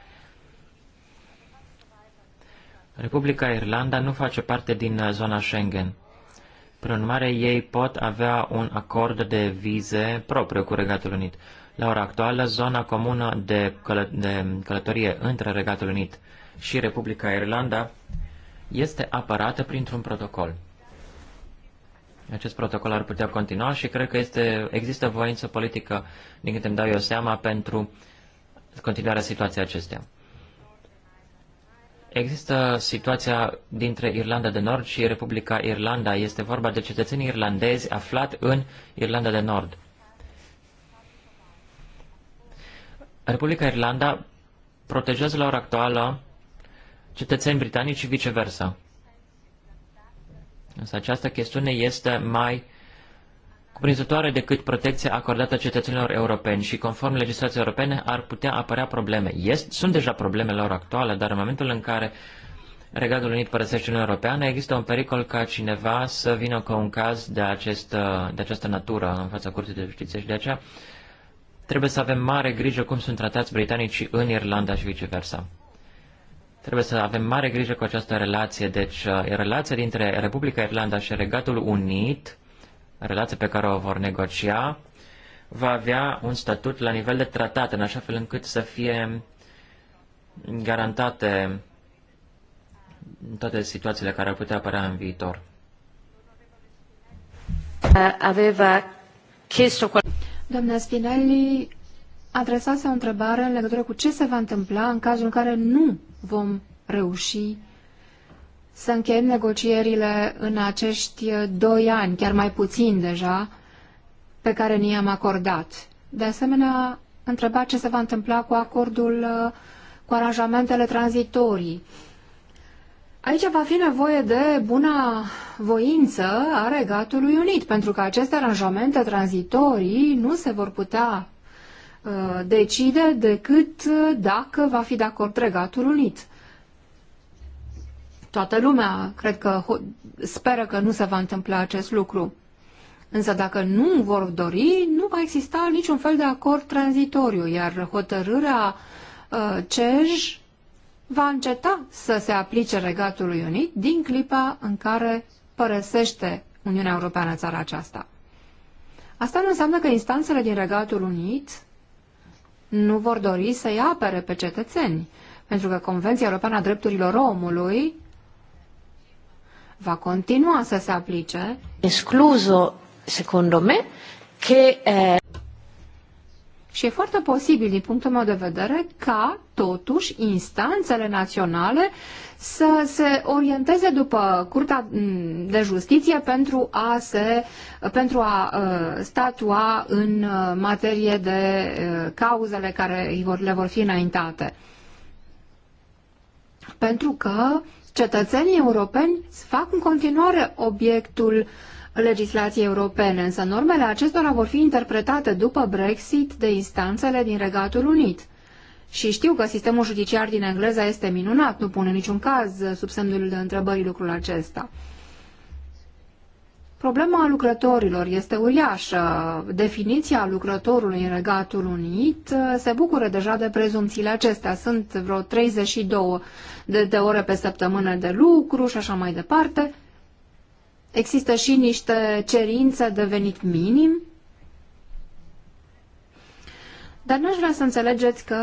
Republica Irlanda nu face parte din uh, zona Schengen. Prin urmare, ei pot avea un acord de vize propriu cu Regatul Unit. La ora actuală, zona comună de, călă- de călătorie între Regatul Unit și Republica Irlanda este apărată printr-un protocol acest protocol ar putea continua și cred că este, există voință politică, din câte îmi dau eu seama, pentru continuarea situației acestea. Există situația dintre Irlanda de Nord și Republica Irlanda. Este vorba de cetățenii irlandezi aflat în Irlanda de Nord. Republica Irlanda protejează la ora actuală cetățeni britanici și viceversa. Însă această chestiune este mai cuprinzătoare decât protecția acordată cetățenilor europeni și conform legislației europene ar putea apărea probleme. Este, sunt deja probleme la ora actuală, dar în momentul în care Regatul Unit părăsește Uniunea Europeană, există un pericol ca cineva să vină cu un caz de, acest, de această natură în fața Curții de Justiție și de aceea trebuie să avem mare grijă cum sunt tratați britanicii în Irlanda și viceversa. Trebuie să avem mare grijă cu această relație. Deci, uh, relația dintre Republica Irlanda și Regatul Unit, relație pe care o vor negocia, va avea un statut la nivel de tratat, în așa fel încât să fie garantate toate situațiile care ar putea apărea în viitor. Uh, aveva chiesto... Doamna Spinelli adresase o întrebare în legătură cu ce se va întâmpla în cazul în care nu vom reuși să încheiem negocierile în acești doi ani, chiar mai puțin deja, pe care ni am acordat. De asemenea, întreba ce se va întâmpla cu acordul, cu aranjamentele tranzitorii. Aici va fi nevoie de buna voință a Regatului Unit, pentru că aceste aranjamente tranzitorii nu se vor putea Uh, decide decât uh, dacă va fi de acord Regatul Unit. Toată lumea cred că speră că nu se va întâmpla acest lucru. Însă dacă nu vor dori, nu va exista niciun fel de acord tranzitoriu, iar hotărârea uh, CEJ va înceta să se aplice Regatului Unit din clipa în care părăsește Uniunea Europeană țara aceasta. Asta nu înseamnă că instanțele din Regatul Unit nu vor dori să-i apere pe cetățeni, pentru că Convenția Europeană a Drepturilor Omului va continua să se aplice. Excluso, secondo me, che... Eh... Și e foarte posibil, din punctul meu de vedere, ca, totuși, instanțele naționale să se orienteze după Curtea mm, de Justiție pentru a, se, pentru a uh, statua în uh, materie de uh, cauzele care vor, le vor fi înaintate. Pentru că cetățenii europeni fac în continuare obiectul uh, legislației europene, însă normele acestora vor fi interpretate după Brexit de instanțele din Regatul Unit. Și știu că sistemul judiciar din Engleza este minunat, nu pune niciun caz sub semnul de întrebării lucrul acesta. Problema lucrătorilor este uriașă. Definiția lucrătorului în Regatul Unit se bucură deja de prezumțiile acestea. Sunt vreo 32 de, de ore pe săptămână de lucru și așa mai departe. Există și niște cerințe de venit minim. Dar n-aș vrea să înțelegeți că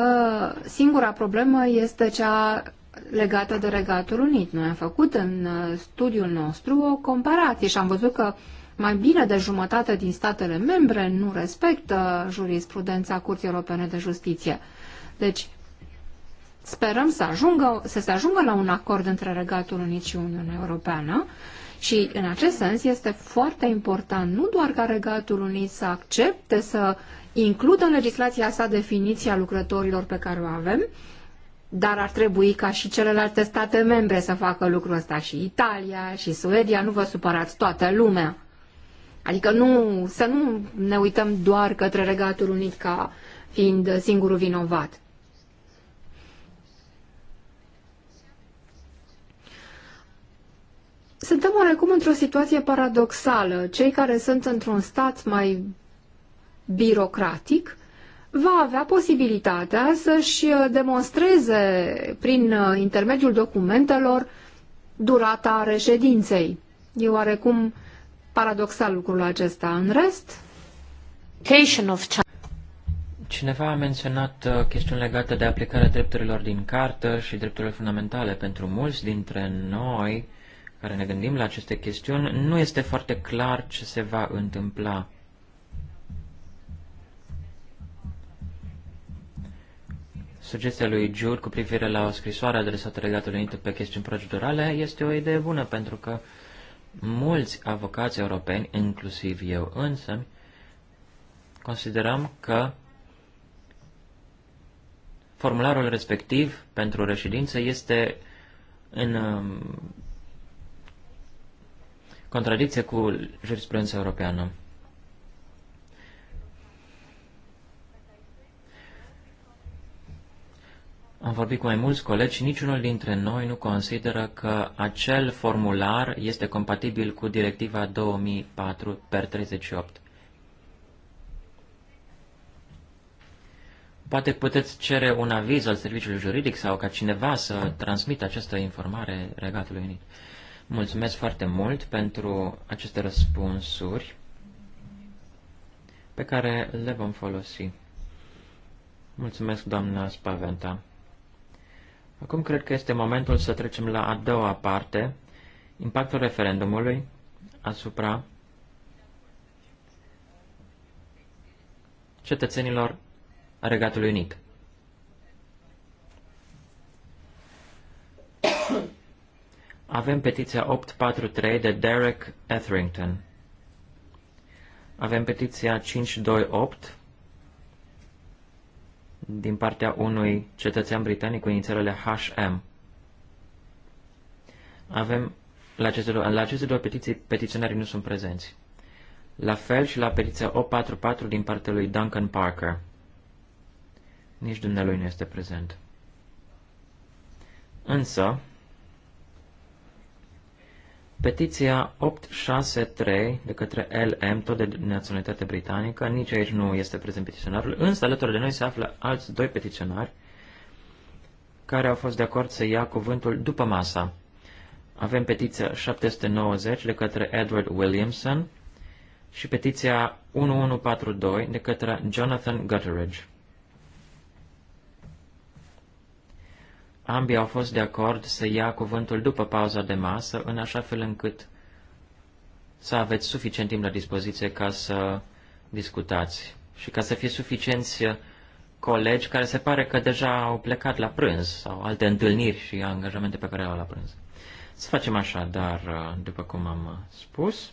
singura problemă este cea legată de Regatul Unit. Noi am făcut în uh, studiul nostru o comparație și am văzut că mai bine de jumătate din statele membre nu respectă jurisprudența Curții Europene de Justiție. Deci, sperăm să, ajungă, să se ajungă la un acord între Regatul Unit și Uniunea Europeană și în acest sens este foarte important nu doar ca Regatul Unit să accepte să includă în legislația sa definiția lucrătorilor pe care o avem, dar ar trebui ca și celelalte state membre să facă lucrul ăsta și Italia și Suedia, nu vă supărați, toată lumea. Adică nu, să nu ne uităm doar către Regatul Unit ca fiind singurul vinovat. Suntem oarecum într-o situație paradoxală. Cei care sunt într-un stat mai birocratic va avea posibilitatea să-și uh, demonstreze prin uh, intermediul documentelor durata reședinței. E oarecum paradoxal lucrul acesta. În rest... Cineva a menționat uh, chestiuni legate de aplicarea drepturilor din cartă și drepturile fundamentale. Pentru mulți dintre noi, care ne gândim la aceste chestiuni, nu este foarte clar ce se va întâmpla. Sugestia lui Jude cu privire la o scrisoare adresată Regatului Unit pe chestiuni procedurale este o idee bună, pentru că mulți avocați europeni, inclusiv eu însă, considerăm că formularul respectiv pentru reședință este în contradicție cu jurisprudența europeană. Am vorbit cu mai mulți colegi și niciunul dintre noi nu consideră că acel formular este compatibil cu directiva 2004 per 38. Poate puteți cere un aviz al serviciului juridic sau ca cineva să transmită această informare Regatului Unit. Mulțumesc foarte mult pentru aceste răspunsuri pe care le vom folosi. Mulțumesc, doamna Spaventa. Acum cred că este momentul să trecem la a doua parte, impactul referendumului asupra cetățenilor Regatului Unit. Avem petiția 843 de Derek Etherington. Avem petiția 528 din partea unui cetățean britanic cu inițialele HM. Avem la aceste, două, la aceste două petiții, petiționarii nu sunt prezenți. La fel și la petiția 844 din partea lui Duncan Parker. Nici dumnealui nu este prezent. Însă, Petiția 863 de către LM, tot de naționalitate britanică, nici aici nu este prezent petiționarul, însă alături de noi se află alți doi petiționari care au fost de acord să ia cuvântul după masa. Avem petiția 790 de către Edward Williamson și petiția 1142 de către Jonathan Gutteridge. Ambii au fost de acord să ia cuvântul după pauza de masă, în așa fel încât să aveți suficient timp la dispoziție ca să discutați și ca să fie suficienți uh, colegi care se pare că deja au plecat la prânz sau alte întâlniri și angajamente pe care au la prânz. Să facem așa, dar uh, după cum am uh, spus,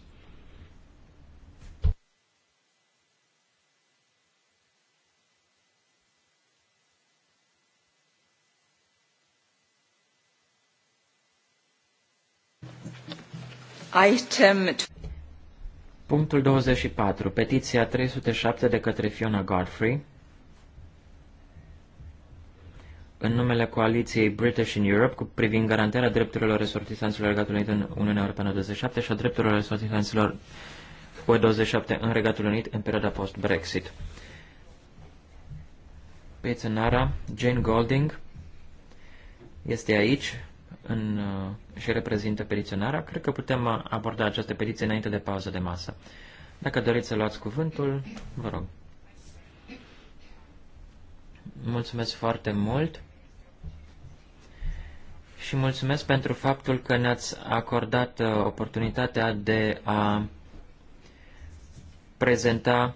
Item... Punctul 24. Petiția 307 de către Fiona Godfrey. În numele coaliției British in Europe cu privind garantarea drepturilor resortisanților Regatului Unit în Uniunea Europeană 27 și a drepturilor resortisanților UE 27 în Regatul Unit în perioada post-Brexit. Pețenara, Jane Golding, este aici, în, uh, și reprezintă petiționarea, cred că putem uh, aborda această petiție înainte de pauză de masă. Dacă doriți să luați cuvântul, vă rog. Mulțumesc foarte mult și mulțumesc pentru faptul că ne-ați acordat uh, oportunitatea de a prezenta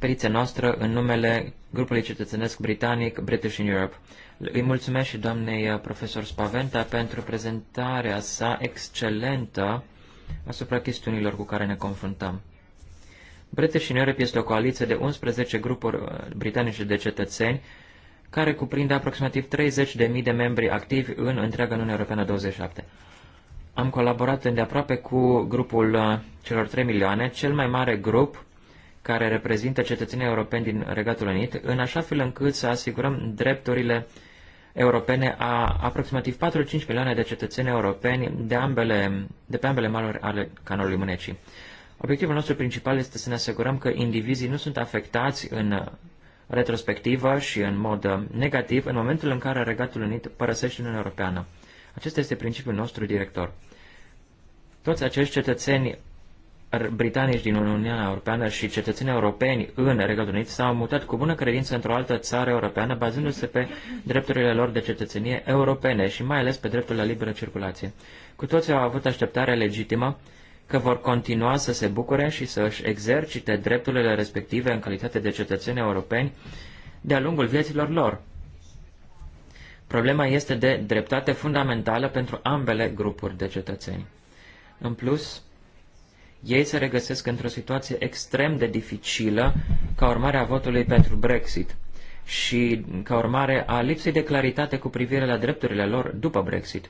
petiția noastră în numele grupului cetățenesc britanic British in Europe. Îi mulțumesc și doamnei uh, profesor Spaventa pentru prezentarea sa excelentă asupra chestiunilor cu care ne confruntăm. British in Europe este o coaliție de 11 grupuri uh, britanice de cetățeni care cuprinde aproximativ 30.000 de membri activi în întreaga Uniune Europeană 27. Am colaborat îndeaproape cu grupul uh, celor 3 milioane, cel mai mare grup care reprezintă cetățenii europeni din Regatul Unit, în așa fel încât să asigurăm drepturile europene a aproximativ 4-5 milioane de cetățeni europeni de, ambele, de pe ambele maluri ale canalului Mânecii. Obiectivul nostru principal este să ne asigurăm că indivizii nu sunt afectați în retrospectivă și în mod uh, negativ în momentul în care Regatul Unit părăsește Uniunea Europeană. Acesta este principiul nostru director. Toți acești cetățeni britanici din Uniunea Europeană și cetățenii europeni în Regatul Unit s-au mutat cu bună credință într-o altă țară europeană, bazându-se pe drepturile lor de cetățenie europene și mai ales pe dreptul la liberă circulație. Cu toții au avut așteptarea legitimă că vor continua să se bucure și să își exercite drepturile respective în calitate de cetățeni europeni de-a lungul vieților lor. Problema este de dreptate fundamentală pentru ambele grupuri de cetățeni. În plus, ei se regăsesc într-o situație extrem de dificilă ca urmare a votului pentru Brexit și ca urmare a lipsei de claritate cu privire la drepturile lor după Brexit.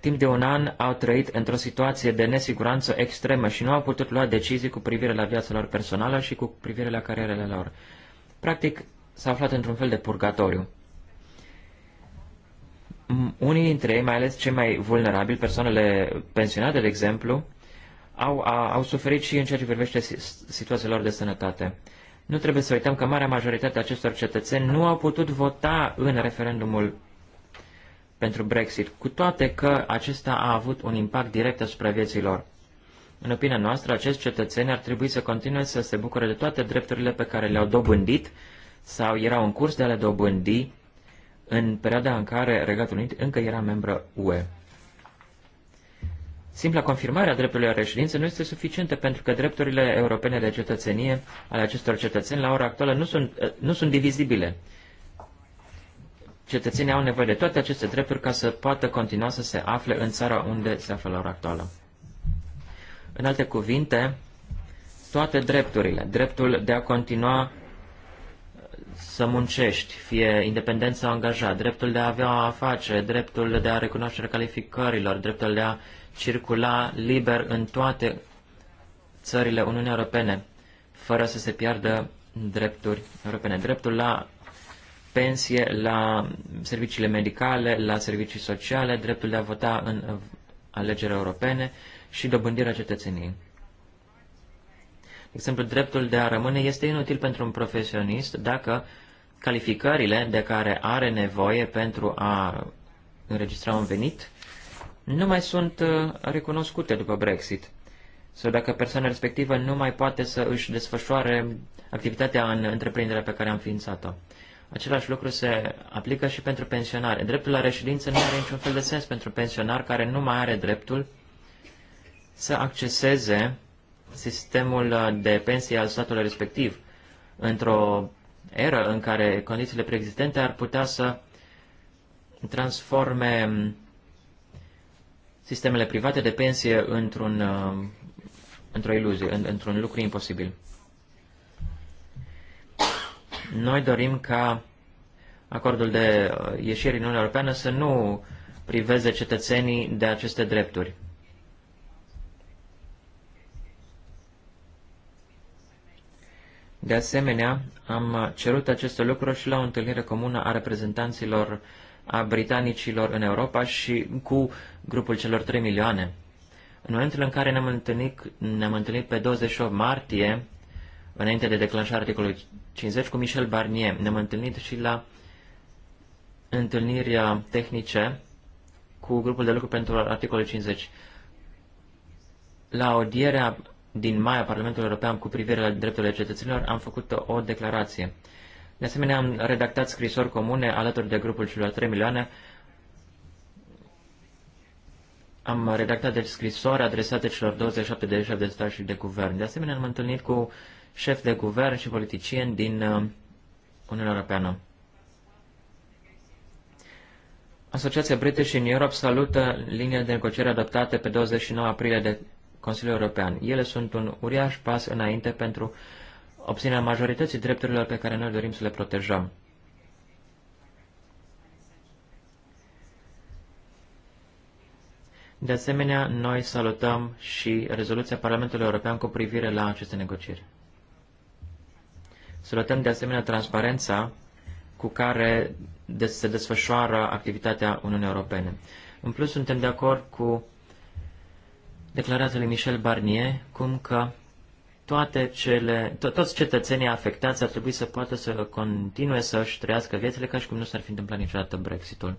Timp de un an au trăit într-o situație de nesiguranță extremă și nu au putut lua decizii cu privire la viața lor personală și cu privire la carierele lor. Practic, s-au aflat într-un fel de purgatoriu. Unii dintre ei, mai ales cei mai vulnerabili, persoanele pensionate, de exemplu, au, a, au suferit și în ceea ce privește situația lor de sănătate. Nu trebuie să uităm că marea majoritate a acestor cetățeni nu au putut vota în referendumul pentru Brexit, cu toate că acesta a avut un impact direct asupra vieții lor. În opinia noastră, acești cetățeni ar trebui să continue să se bucure de toate drepturile pe care le-au dobândit sau erau în curs de a le dobândi în perioada în care Regatul Unit încă era membră UE. Simpla confirmare a dreptului la reședință nu este suficientă pentru că drepturile europene de cetățenie ale acestor cetățeni la ora actuală nu sunt, eh, nu sunt divizibile. Cetățenii au nevoie de toate aceste drepturi ca să poată continua să se afle în țara unde se află la ora actuală. În alte cuvinte, toate drepturile, dreptul de a continua să muncești, fie independența angajat, dreptul de a avea afacere, dreptul de a recunoaște calificărilor, dreptul de a circula liber în toate țările Uniunii Europene, fără să se piardă drepturi europene. Dreptul la pensie, la serviciile medicale, la servicii sociale, dreptul de a vota în alegeri europene și dobândirea cetățeniei. De exemplu, dreptul de a rămâne este inutil pentru un profesionist dacă calificările de care are nevoie pentru a înregistra un venit nu mai sunt uh, recunoscute după Brexit sau dacă persoana respectivă nu mai poate să își desfășoare activitatea în întreprinderea pe care am ființat-o. Același lucru se aplică și pentru pensionare. Dreptul la reședință nu are niciun fel de sens pentru pensionar care nu mai are dreptul să acceseze sistemul uh, de pensie al statului respectiv într-o eră în care condițiile preexistente ar putea să transforme sistemele private de pensie într-un, uh, într-o iluzie, într-un lucru imposibil. Noi dorim ca acordul de uh, ieșire din Uniunea Europeană să nu priveze cetățenii de aceste drepturi. De asemenea, am cerut aceste lucruri și la o întâlnire comună a reprezentanților a britanicilor în Europa și cu grupul celor 3 milioane. În momentul în care ne-am întâlnit, ne-am întâlnit pe 28 martie, înainte de declanșarea articolului 50, cu Michel Barnier, ne-am întâlnit și la întâlnirea tehnice cu grupul de lucru pentru articolul 50. La audierea din mai a Parlamentului European cu privire la drepturile cetățenilor am făcut o declarație. De asemenea, am redactat scrisori comune alături de grupul celor 3 milioane. Am redactat deci scrisori adresate celor 27 de șefi de stat și de guvern. De asemenea, am întâlnit cu șefi de guvern și politicieni din uh, Uniunea Europeană. Asociația British in Europe salută linia de negociere adoptate pe 29 aprilie de Consiliul European. Ele sunt un uriaș pas înainte pentru uh, obținerea majorității drepturilor pe care noi dorim să le protejăm. De asemenea, noi salutăm și rezoluția Parlamentului European cu privire la aceste negocieri. Salutăm de asemenea transparența cu care se desfășoară activitatea Uniunii Europene. În plus, suntem de acord cu declarațiile Michel Barnier, cum că toate cele, to- toți cetățenii afectați ar trebui să poată să continue să-și trăiască viețile ca și cum nu s-ar fi întâmplat niciodată Brexitul.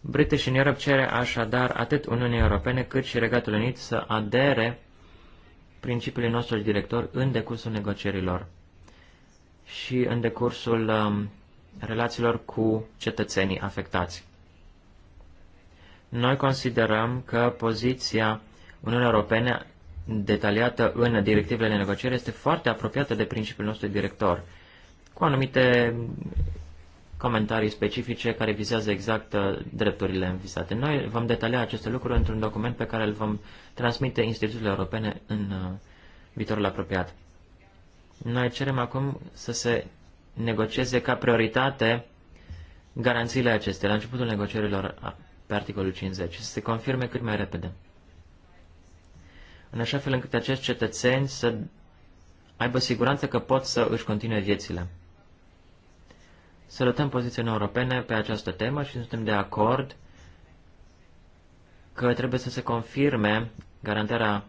British in Europe cere așadar atât Uniunii Europene cât și Regatul Unit să adere principiului nostru director în decursul negocierilor și în decursul um, relațiilor cu cetățenii afectați. Noi considerăm că poziția Uniunii Europene detaliată în directivele de negociere este foarte apropiată de principiul nostru director, cu anumite comentarii specifice care vizează exact uh, drepturile învisate. Noi vom detalia aceste lucruri într-un document pe care îl vom transmite instituțiile europene în uh, viitorul apropiat. Noi cerem acum să se negocieze ca prioritate garanțiile acestea la începutul negocierilor pe articolul 50 și să se confirme cât mai repede în așa fel încât acești cetățeni să aibă siguranță că pot să își continue viețile. Sărătăm pozițiile europene pe această temă și suntem de acord că trebuie să se confirme garantarea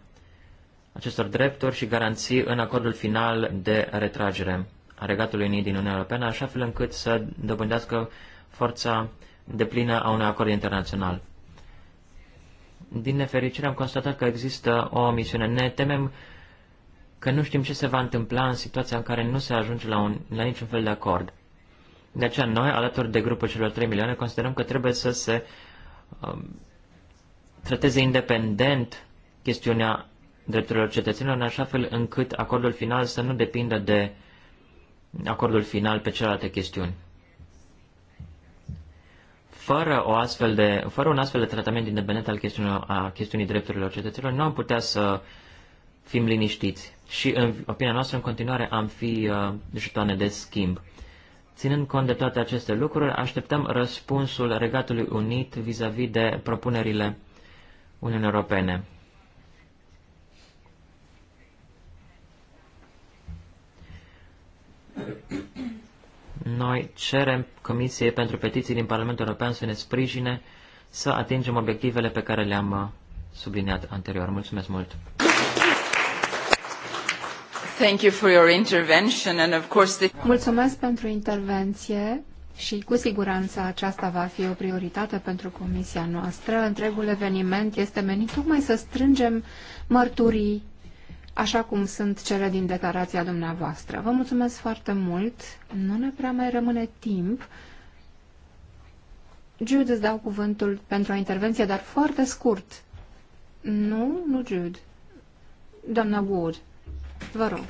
acestor drepturi și garanții în acordul final de retragere a Regatului Unii din Uniunea Europeană, așa fel încât să dobândească forța deplină a unui acord internațional. Din nefericire am constatat că există o omisiune. Ne temem că nu știm ce se va întâmpla în situația în care nu se ajunge la, un, la niciun fel de acord. De aceea noi, alături de grupul celor 3 milioane, considerăm că trebuie să se um, trateze independent chestiunea drepturilor cetățenilor, în așa fel încât acordul final să nu depindă de acordul final pe celelalte chestiuni. Fără, o astfel de, fără un astfel de tratament independent al chestiunii, a chestiunii drepturilor cetățenilor, nu am putea să fim liniștiți. Și, în opinia noastră, în continuare am fi uh, jetoane de schimb. Ținând cont de toate aceste lucruri, așteptăm răspunsul Regatului Unit vis-a-vis -vis de propunerile Uniunii Europene. Noi cerem Comisiei pentru Petiții din Parlamentul European să ne sprijine să atingem obiectivele pe care le-am uh, subliniat anterior. Mulțumesc mult! Thank you for your intervention and of course the... Mulțumesc pentru intervenție și cu siguranță aceasta va fi o prioritate pentru comisia noastră. Întregul eveniment este menit tocmai să strângem mărturii așa cum sunt cele din declarația dumneavoastră. Vă mulțumesc foarte mult. Nu ne prea mai rămâne timp. Jude, îți dau cuvântul pentru o intervenție, dar foarte scurt. Nu, nu Jude. Doamna Wood, vă rog.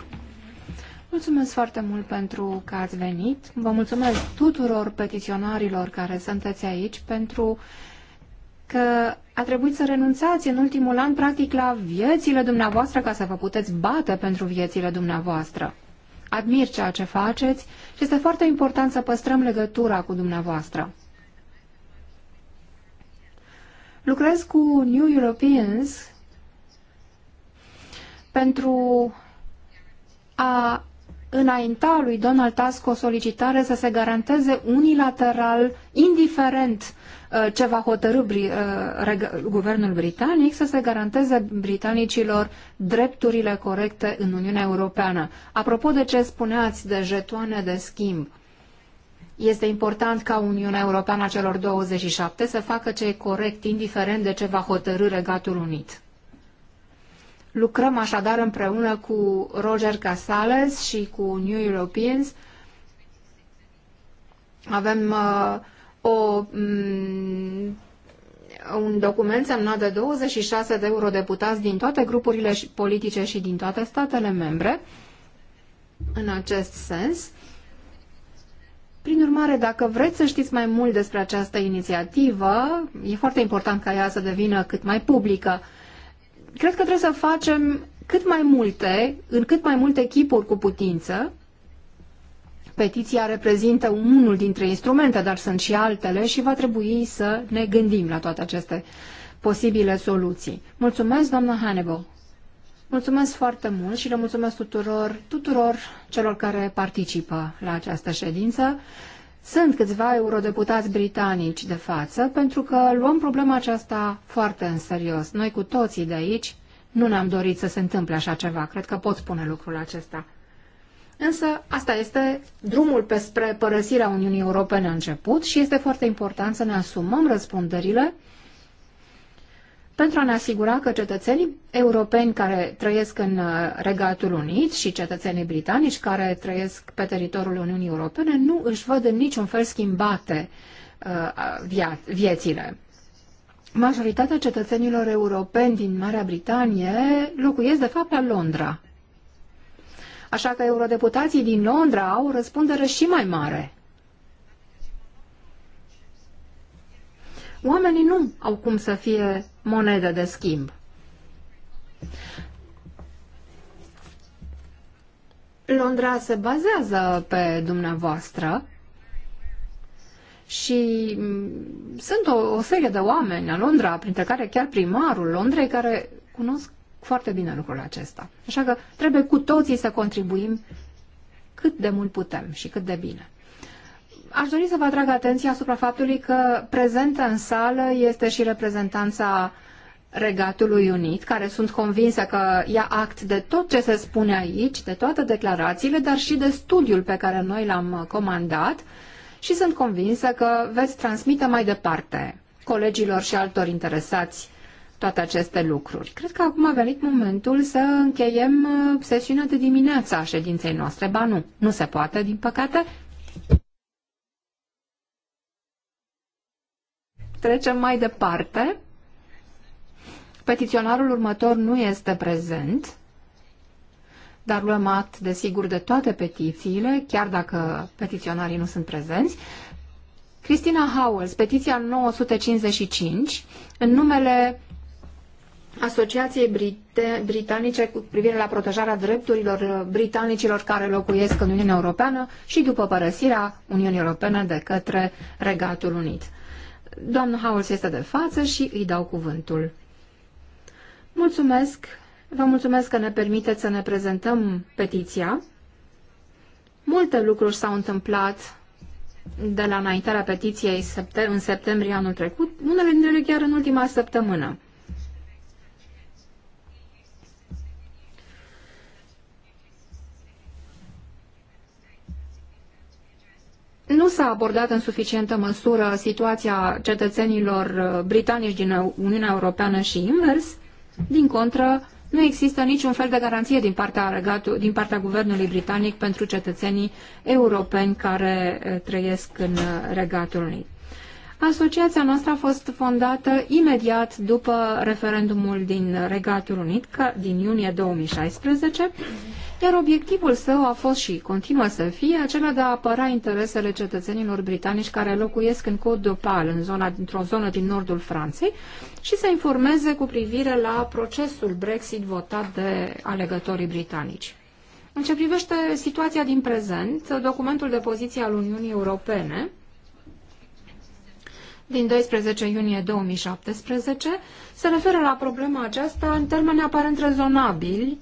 Mulțumesc foarte mult pentru că ați venit. Vă mulțumesc tuturor petiționarilor care sunteți aici pentru că a trebuit să renunțați în ultimul an practic la viețile dumneavoastră ca să vă puteți bate pentru viețile dumneavoastră. Admir ceea ce faceți și este foarte important să păstrăm legătura cu dumneavoastră. Lucrez cu New Europeans pentru a înainta lui Donald Tusk o solicitare să se garanteze unilateral, indiferent Uh, ce va hotărâ uh, guvernul britanic să se garanteze britanicilor drepturile corecte în Uniunea Europeană. Apropo de ce spuneați de jetoane de schimb, este important ca Uniunea Europeană a celor 27 să facă ce e corect, indiferent de ce va hotărâ Regatul Unit. Lucrăm așadar împreună cu Roger Casales și cu New Europeans. Avem uh, o, mm, un document semnat de 26 de eurodeputați din toate grupurile politice și din toate statele membre în acest sens. Prin urmare, dacă vreți să știți mai mult despre această inițiativă, e foarte important ca ea să devină cât mai publică. Cred că trebuie să facem cât mai multe, în cât mai multe chipuri cu putință, Petiția reprezintă unul dintre instrumente, dar sunt și altele și va trebui să ne gândim la toate aceste posibile soluții. Mulțumesc, doamna Hannibal. Mulțumesc foarte mult și le mulțumesc tuturor, tuturor celor care participă la această ședință. Sunt câțiva eurodeputați britanici de față pentru că luăm problema aceasta foarte în serios. Noi cu toții de aici nu ne-am dorit să se întâmple așa ceva. Cred că pot spune lucrul acesta. Însă asta este drumul pe spre părăsirea Uniunii Europene a început și este foarte important să ne asumăm răspunderile pentru a ne asigura că cetățenii europeni care trăiesc în uh, Regatul Unit și cetățenii britanici care trăiesc pe teritoriul Uniunii Europene nu își văd în niciun fel schimbate uh, viețile. Majoritatea cetățenilor europeni din Marea Britanie locuiesc, de fapt, la Londra. Așa că eurodeputații din Londra au o răspundere și mai mare. Oamenii nu au cum să fie monedă de schimb. Londra se bazează pe dumneavoastră și mm, sunt o, o serie de oameni la Londra, printre care chiar primarul Londrei, care cunosc foarte bine lucrul acesta. Așa că trebuie cu toții să contribuim cât de mult putem și cât de bine. Aș dori să vă atrag atenția asupra faptului că prezentă în sală este și reprezentanța Regatului Unit, care sunt convinsă că ia act de tot ce se spune aici, de toate declarațiile, dar și de studiul pe care noi l-am comandat și sunt convinsă că veți transmite mai departe colegilor și altor interesați toate aceste lucruri. Cred că acum a venit momentul să încheiem uh, sesiunea de dimineață a ședinței noastre. Ba nu, nu se poate, din păcate. Trecem mai departe. Petiționarul următor nu este prezent, dar luăm act, desigur, de toate petițiile, chiar dacă petiționarii nu sunt prezenți. Cristina Howells, petiția 955, în numele Asociației Brite- Britanice cu privire la protejarea drepturilor britanicilor care locuiesc în Uniunea Europeană și după părăsirea Uniunii Europene de către Regatul Unit. Doamna Howells este de față și îi dau cuvântul. Mulțumesc, vă mulțumesc că ne permiteți să ne prezentăm petiția. Multe lucruri s-au întâmplat de la înaintarea petiției în septembrie anul trecut, unele dintre ele chiar în ultima săptămână. nu s-a abordat în suficientă măsură situația cetățenilor uh, britanici din Uniunea Europeană și invers, din contră, nu există niciun fel de garanție din partea, regatu- din partea guvernului britanic pentru cetățenii europeni care uh, trăiesc în uh, Regatul Unit. Asociația noastră a fost fondată imediat după referendumul din Regatul Unit, din iunie 2016, iar obiectivul său a fost și continuă să fie acela de a apăra interesele cetățenilor britanici care locuiesc în Côte d'Opal, în zona, într-o zonă din nordul Franței, și să informeze cu privire la procesul Brexit votat de alegătorii britanici. În ce privește situația din prezent, documentul de poziție al Uniunii Europene, din 12 iunie 2017 se referă la problema aceasta în termeni aparent rezonabili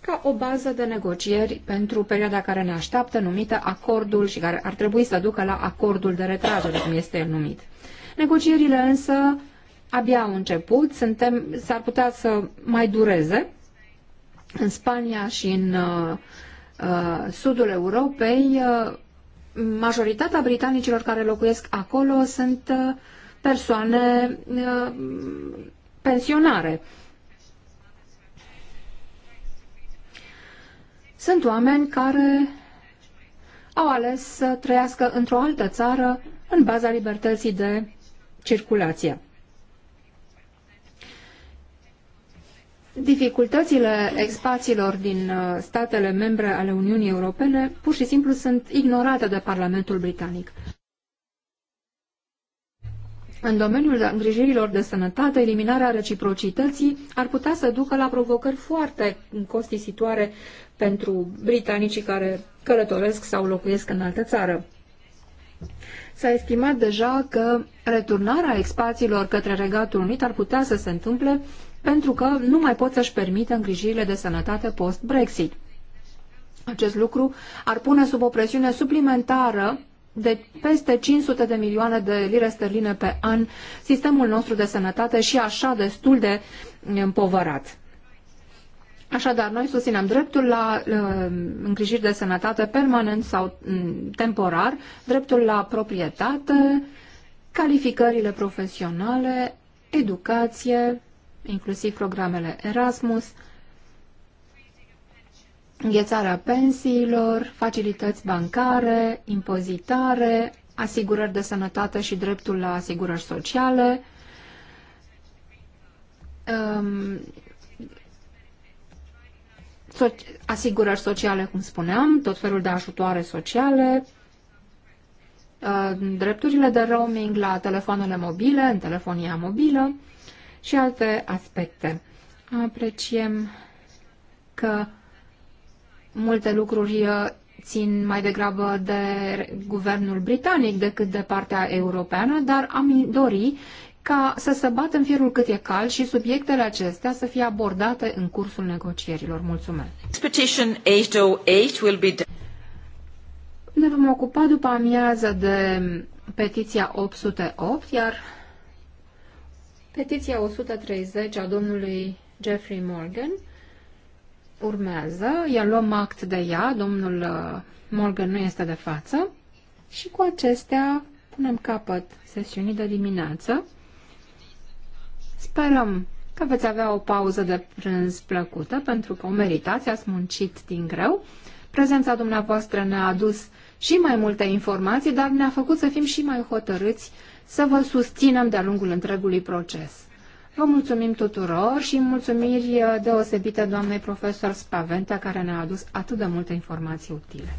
ca o bază de negocieri pentru perioada care ne așteaptă, numită acordul și care ar trebui să ducă la acordul de retragere, cum este el numit. Negocierile însă abia au început, suntem, s-ar putea să mai dureze. În Spania și în uh, uh sudul Europei, uh, majoritatea britanicilor care locuiesc acolo sunt uh, persoane uh, pensionare. Sunt oameni care au ales să trăiască într-o altă țară în baza libertății de circulație. dificultățile expațiilor din uh, statele membre ale Uniunii Europene pur și simplu sunt ignorate de Parlamentul Britanic. În domeniul îngrijirilor de sănătate, eliminarea reciprocității ar putea să ducă la provocări foarte costisitoare pentru britanicii care călătoresc sau locuiesc în altă țară. S-a estimat deja că returnarea expațiilor către Regatul Unit ar putea să se întâmple pentru că nu mai pot să-și permită îngrijirile de sănătate post-Brexit. Acest lucru ar pune sub o presiune suplimentară de peste 500 de milioane de lire sterline pe an sistemul nostru de sănătate și așa destul de împovărat. Așadar, noi susținem dreptul la uh, îngrijiri de sănătate permanent sau mm, temporar, dreptul la proprietate, calificările profesionale, educație, inclusiv programele Erasmus, înghețarea pensiilor, facilități bancare, impozitare, asigurări de sănătate și dreptul la asigurări sociale, um, so asigurări sociale, cum spuneam, tot felul de ajutoare sociale, uh, drepturile de roaming la telefoanele mobile, în telefonia mobilă, și alte aspecte. Apreciem că multe lucruri uh, țin mai degrabă de guvernul britanic decât de partea europeană, dar am dori ca să se bată în fierul cât e cal și subiectele acestea să fie abordate în cursul negocierilor. Mulțumesc! 808 ne vom ocupa după amiază de petiția 808, iar Petiția 130 a domnului Jeffrey Morgan urmează, el luăm act de ea, domnul uh, Morgan nu este de față și cu acestea punem capăt sesiunii de dimineață. Sperăm că veți avea o pauză de prânz plăcută pentru că o meritați, ați muncit din greu. Prezența dumneavoastră ne-a adus și mai multe informații, dar ne-a făcut să fim și mai hotărâți să vă susținem de-a lungul întregului proces. Vă mulțumim tuturor și mulțumiri deosebite doamnei profesor Spaventa care ne-a adus atât de multe informații utile.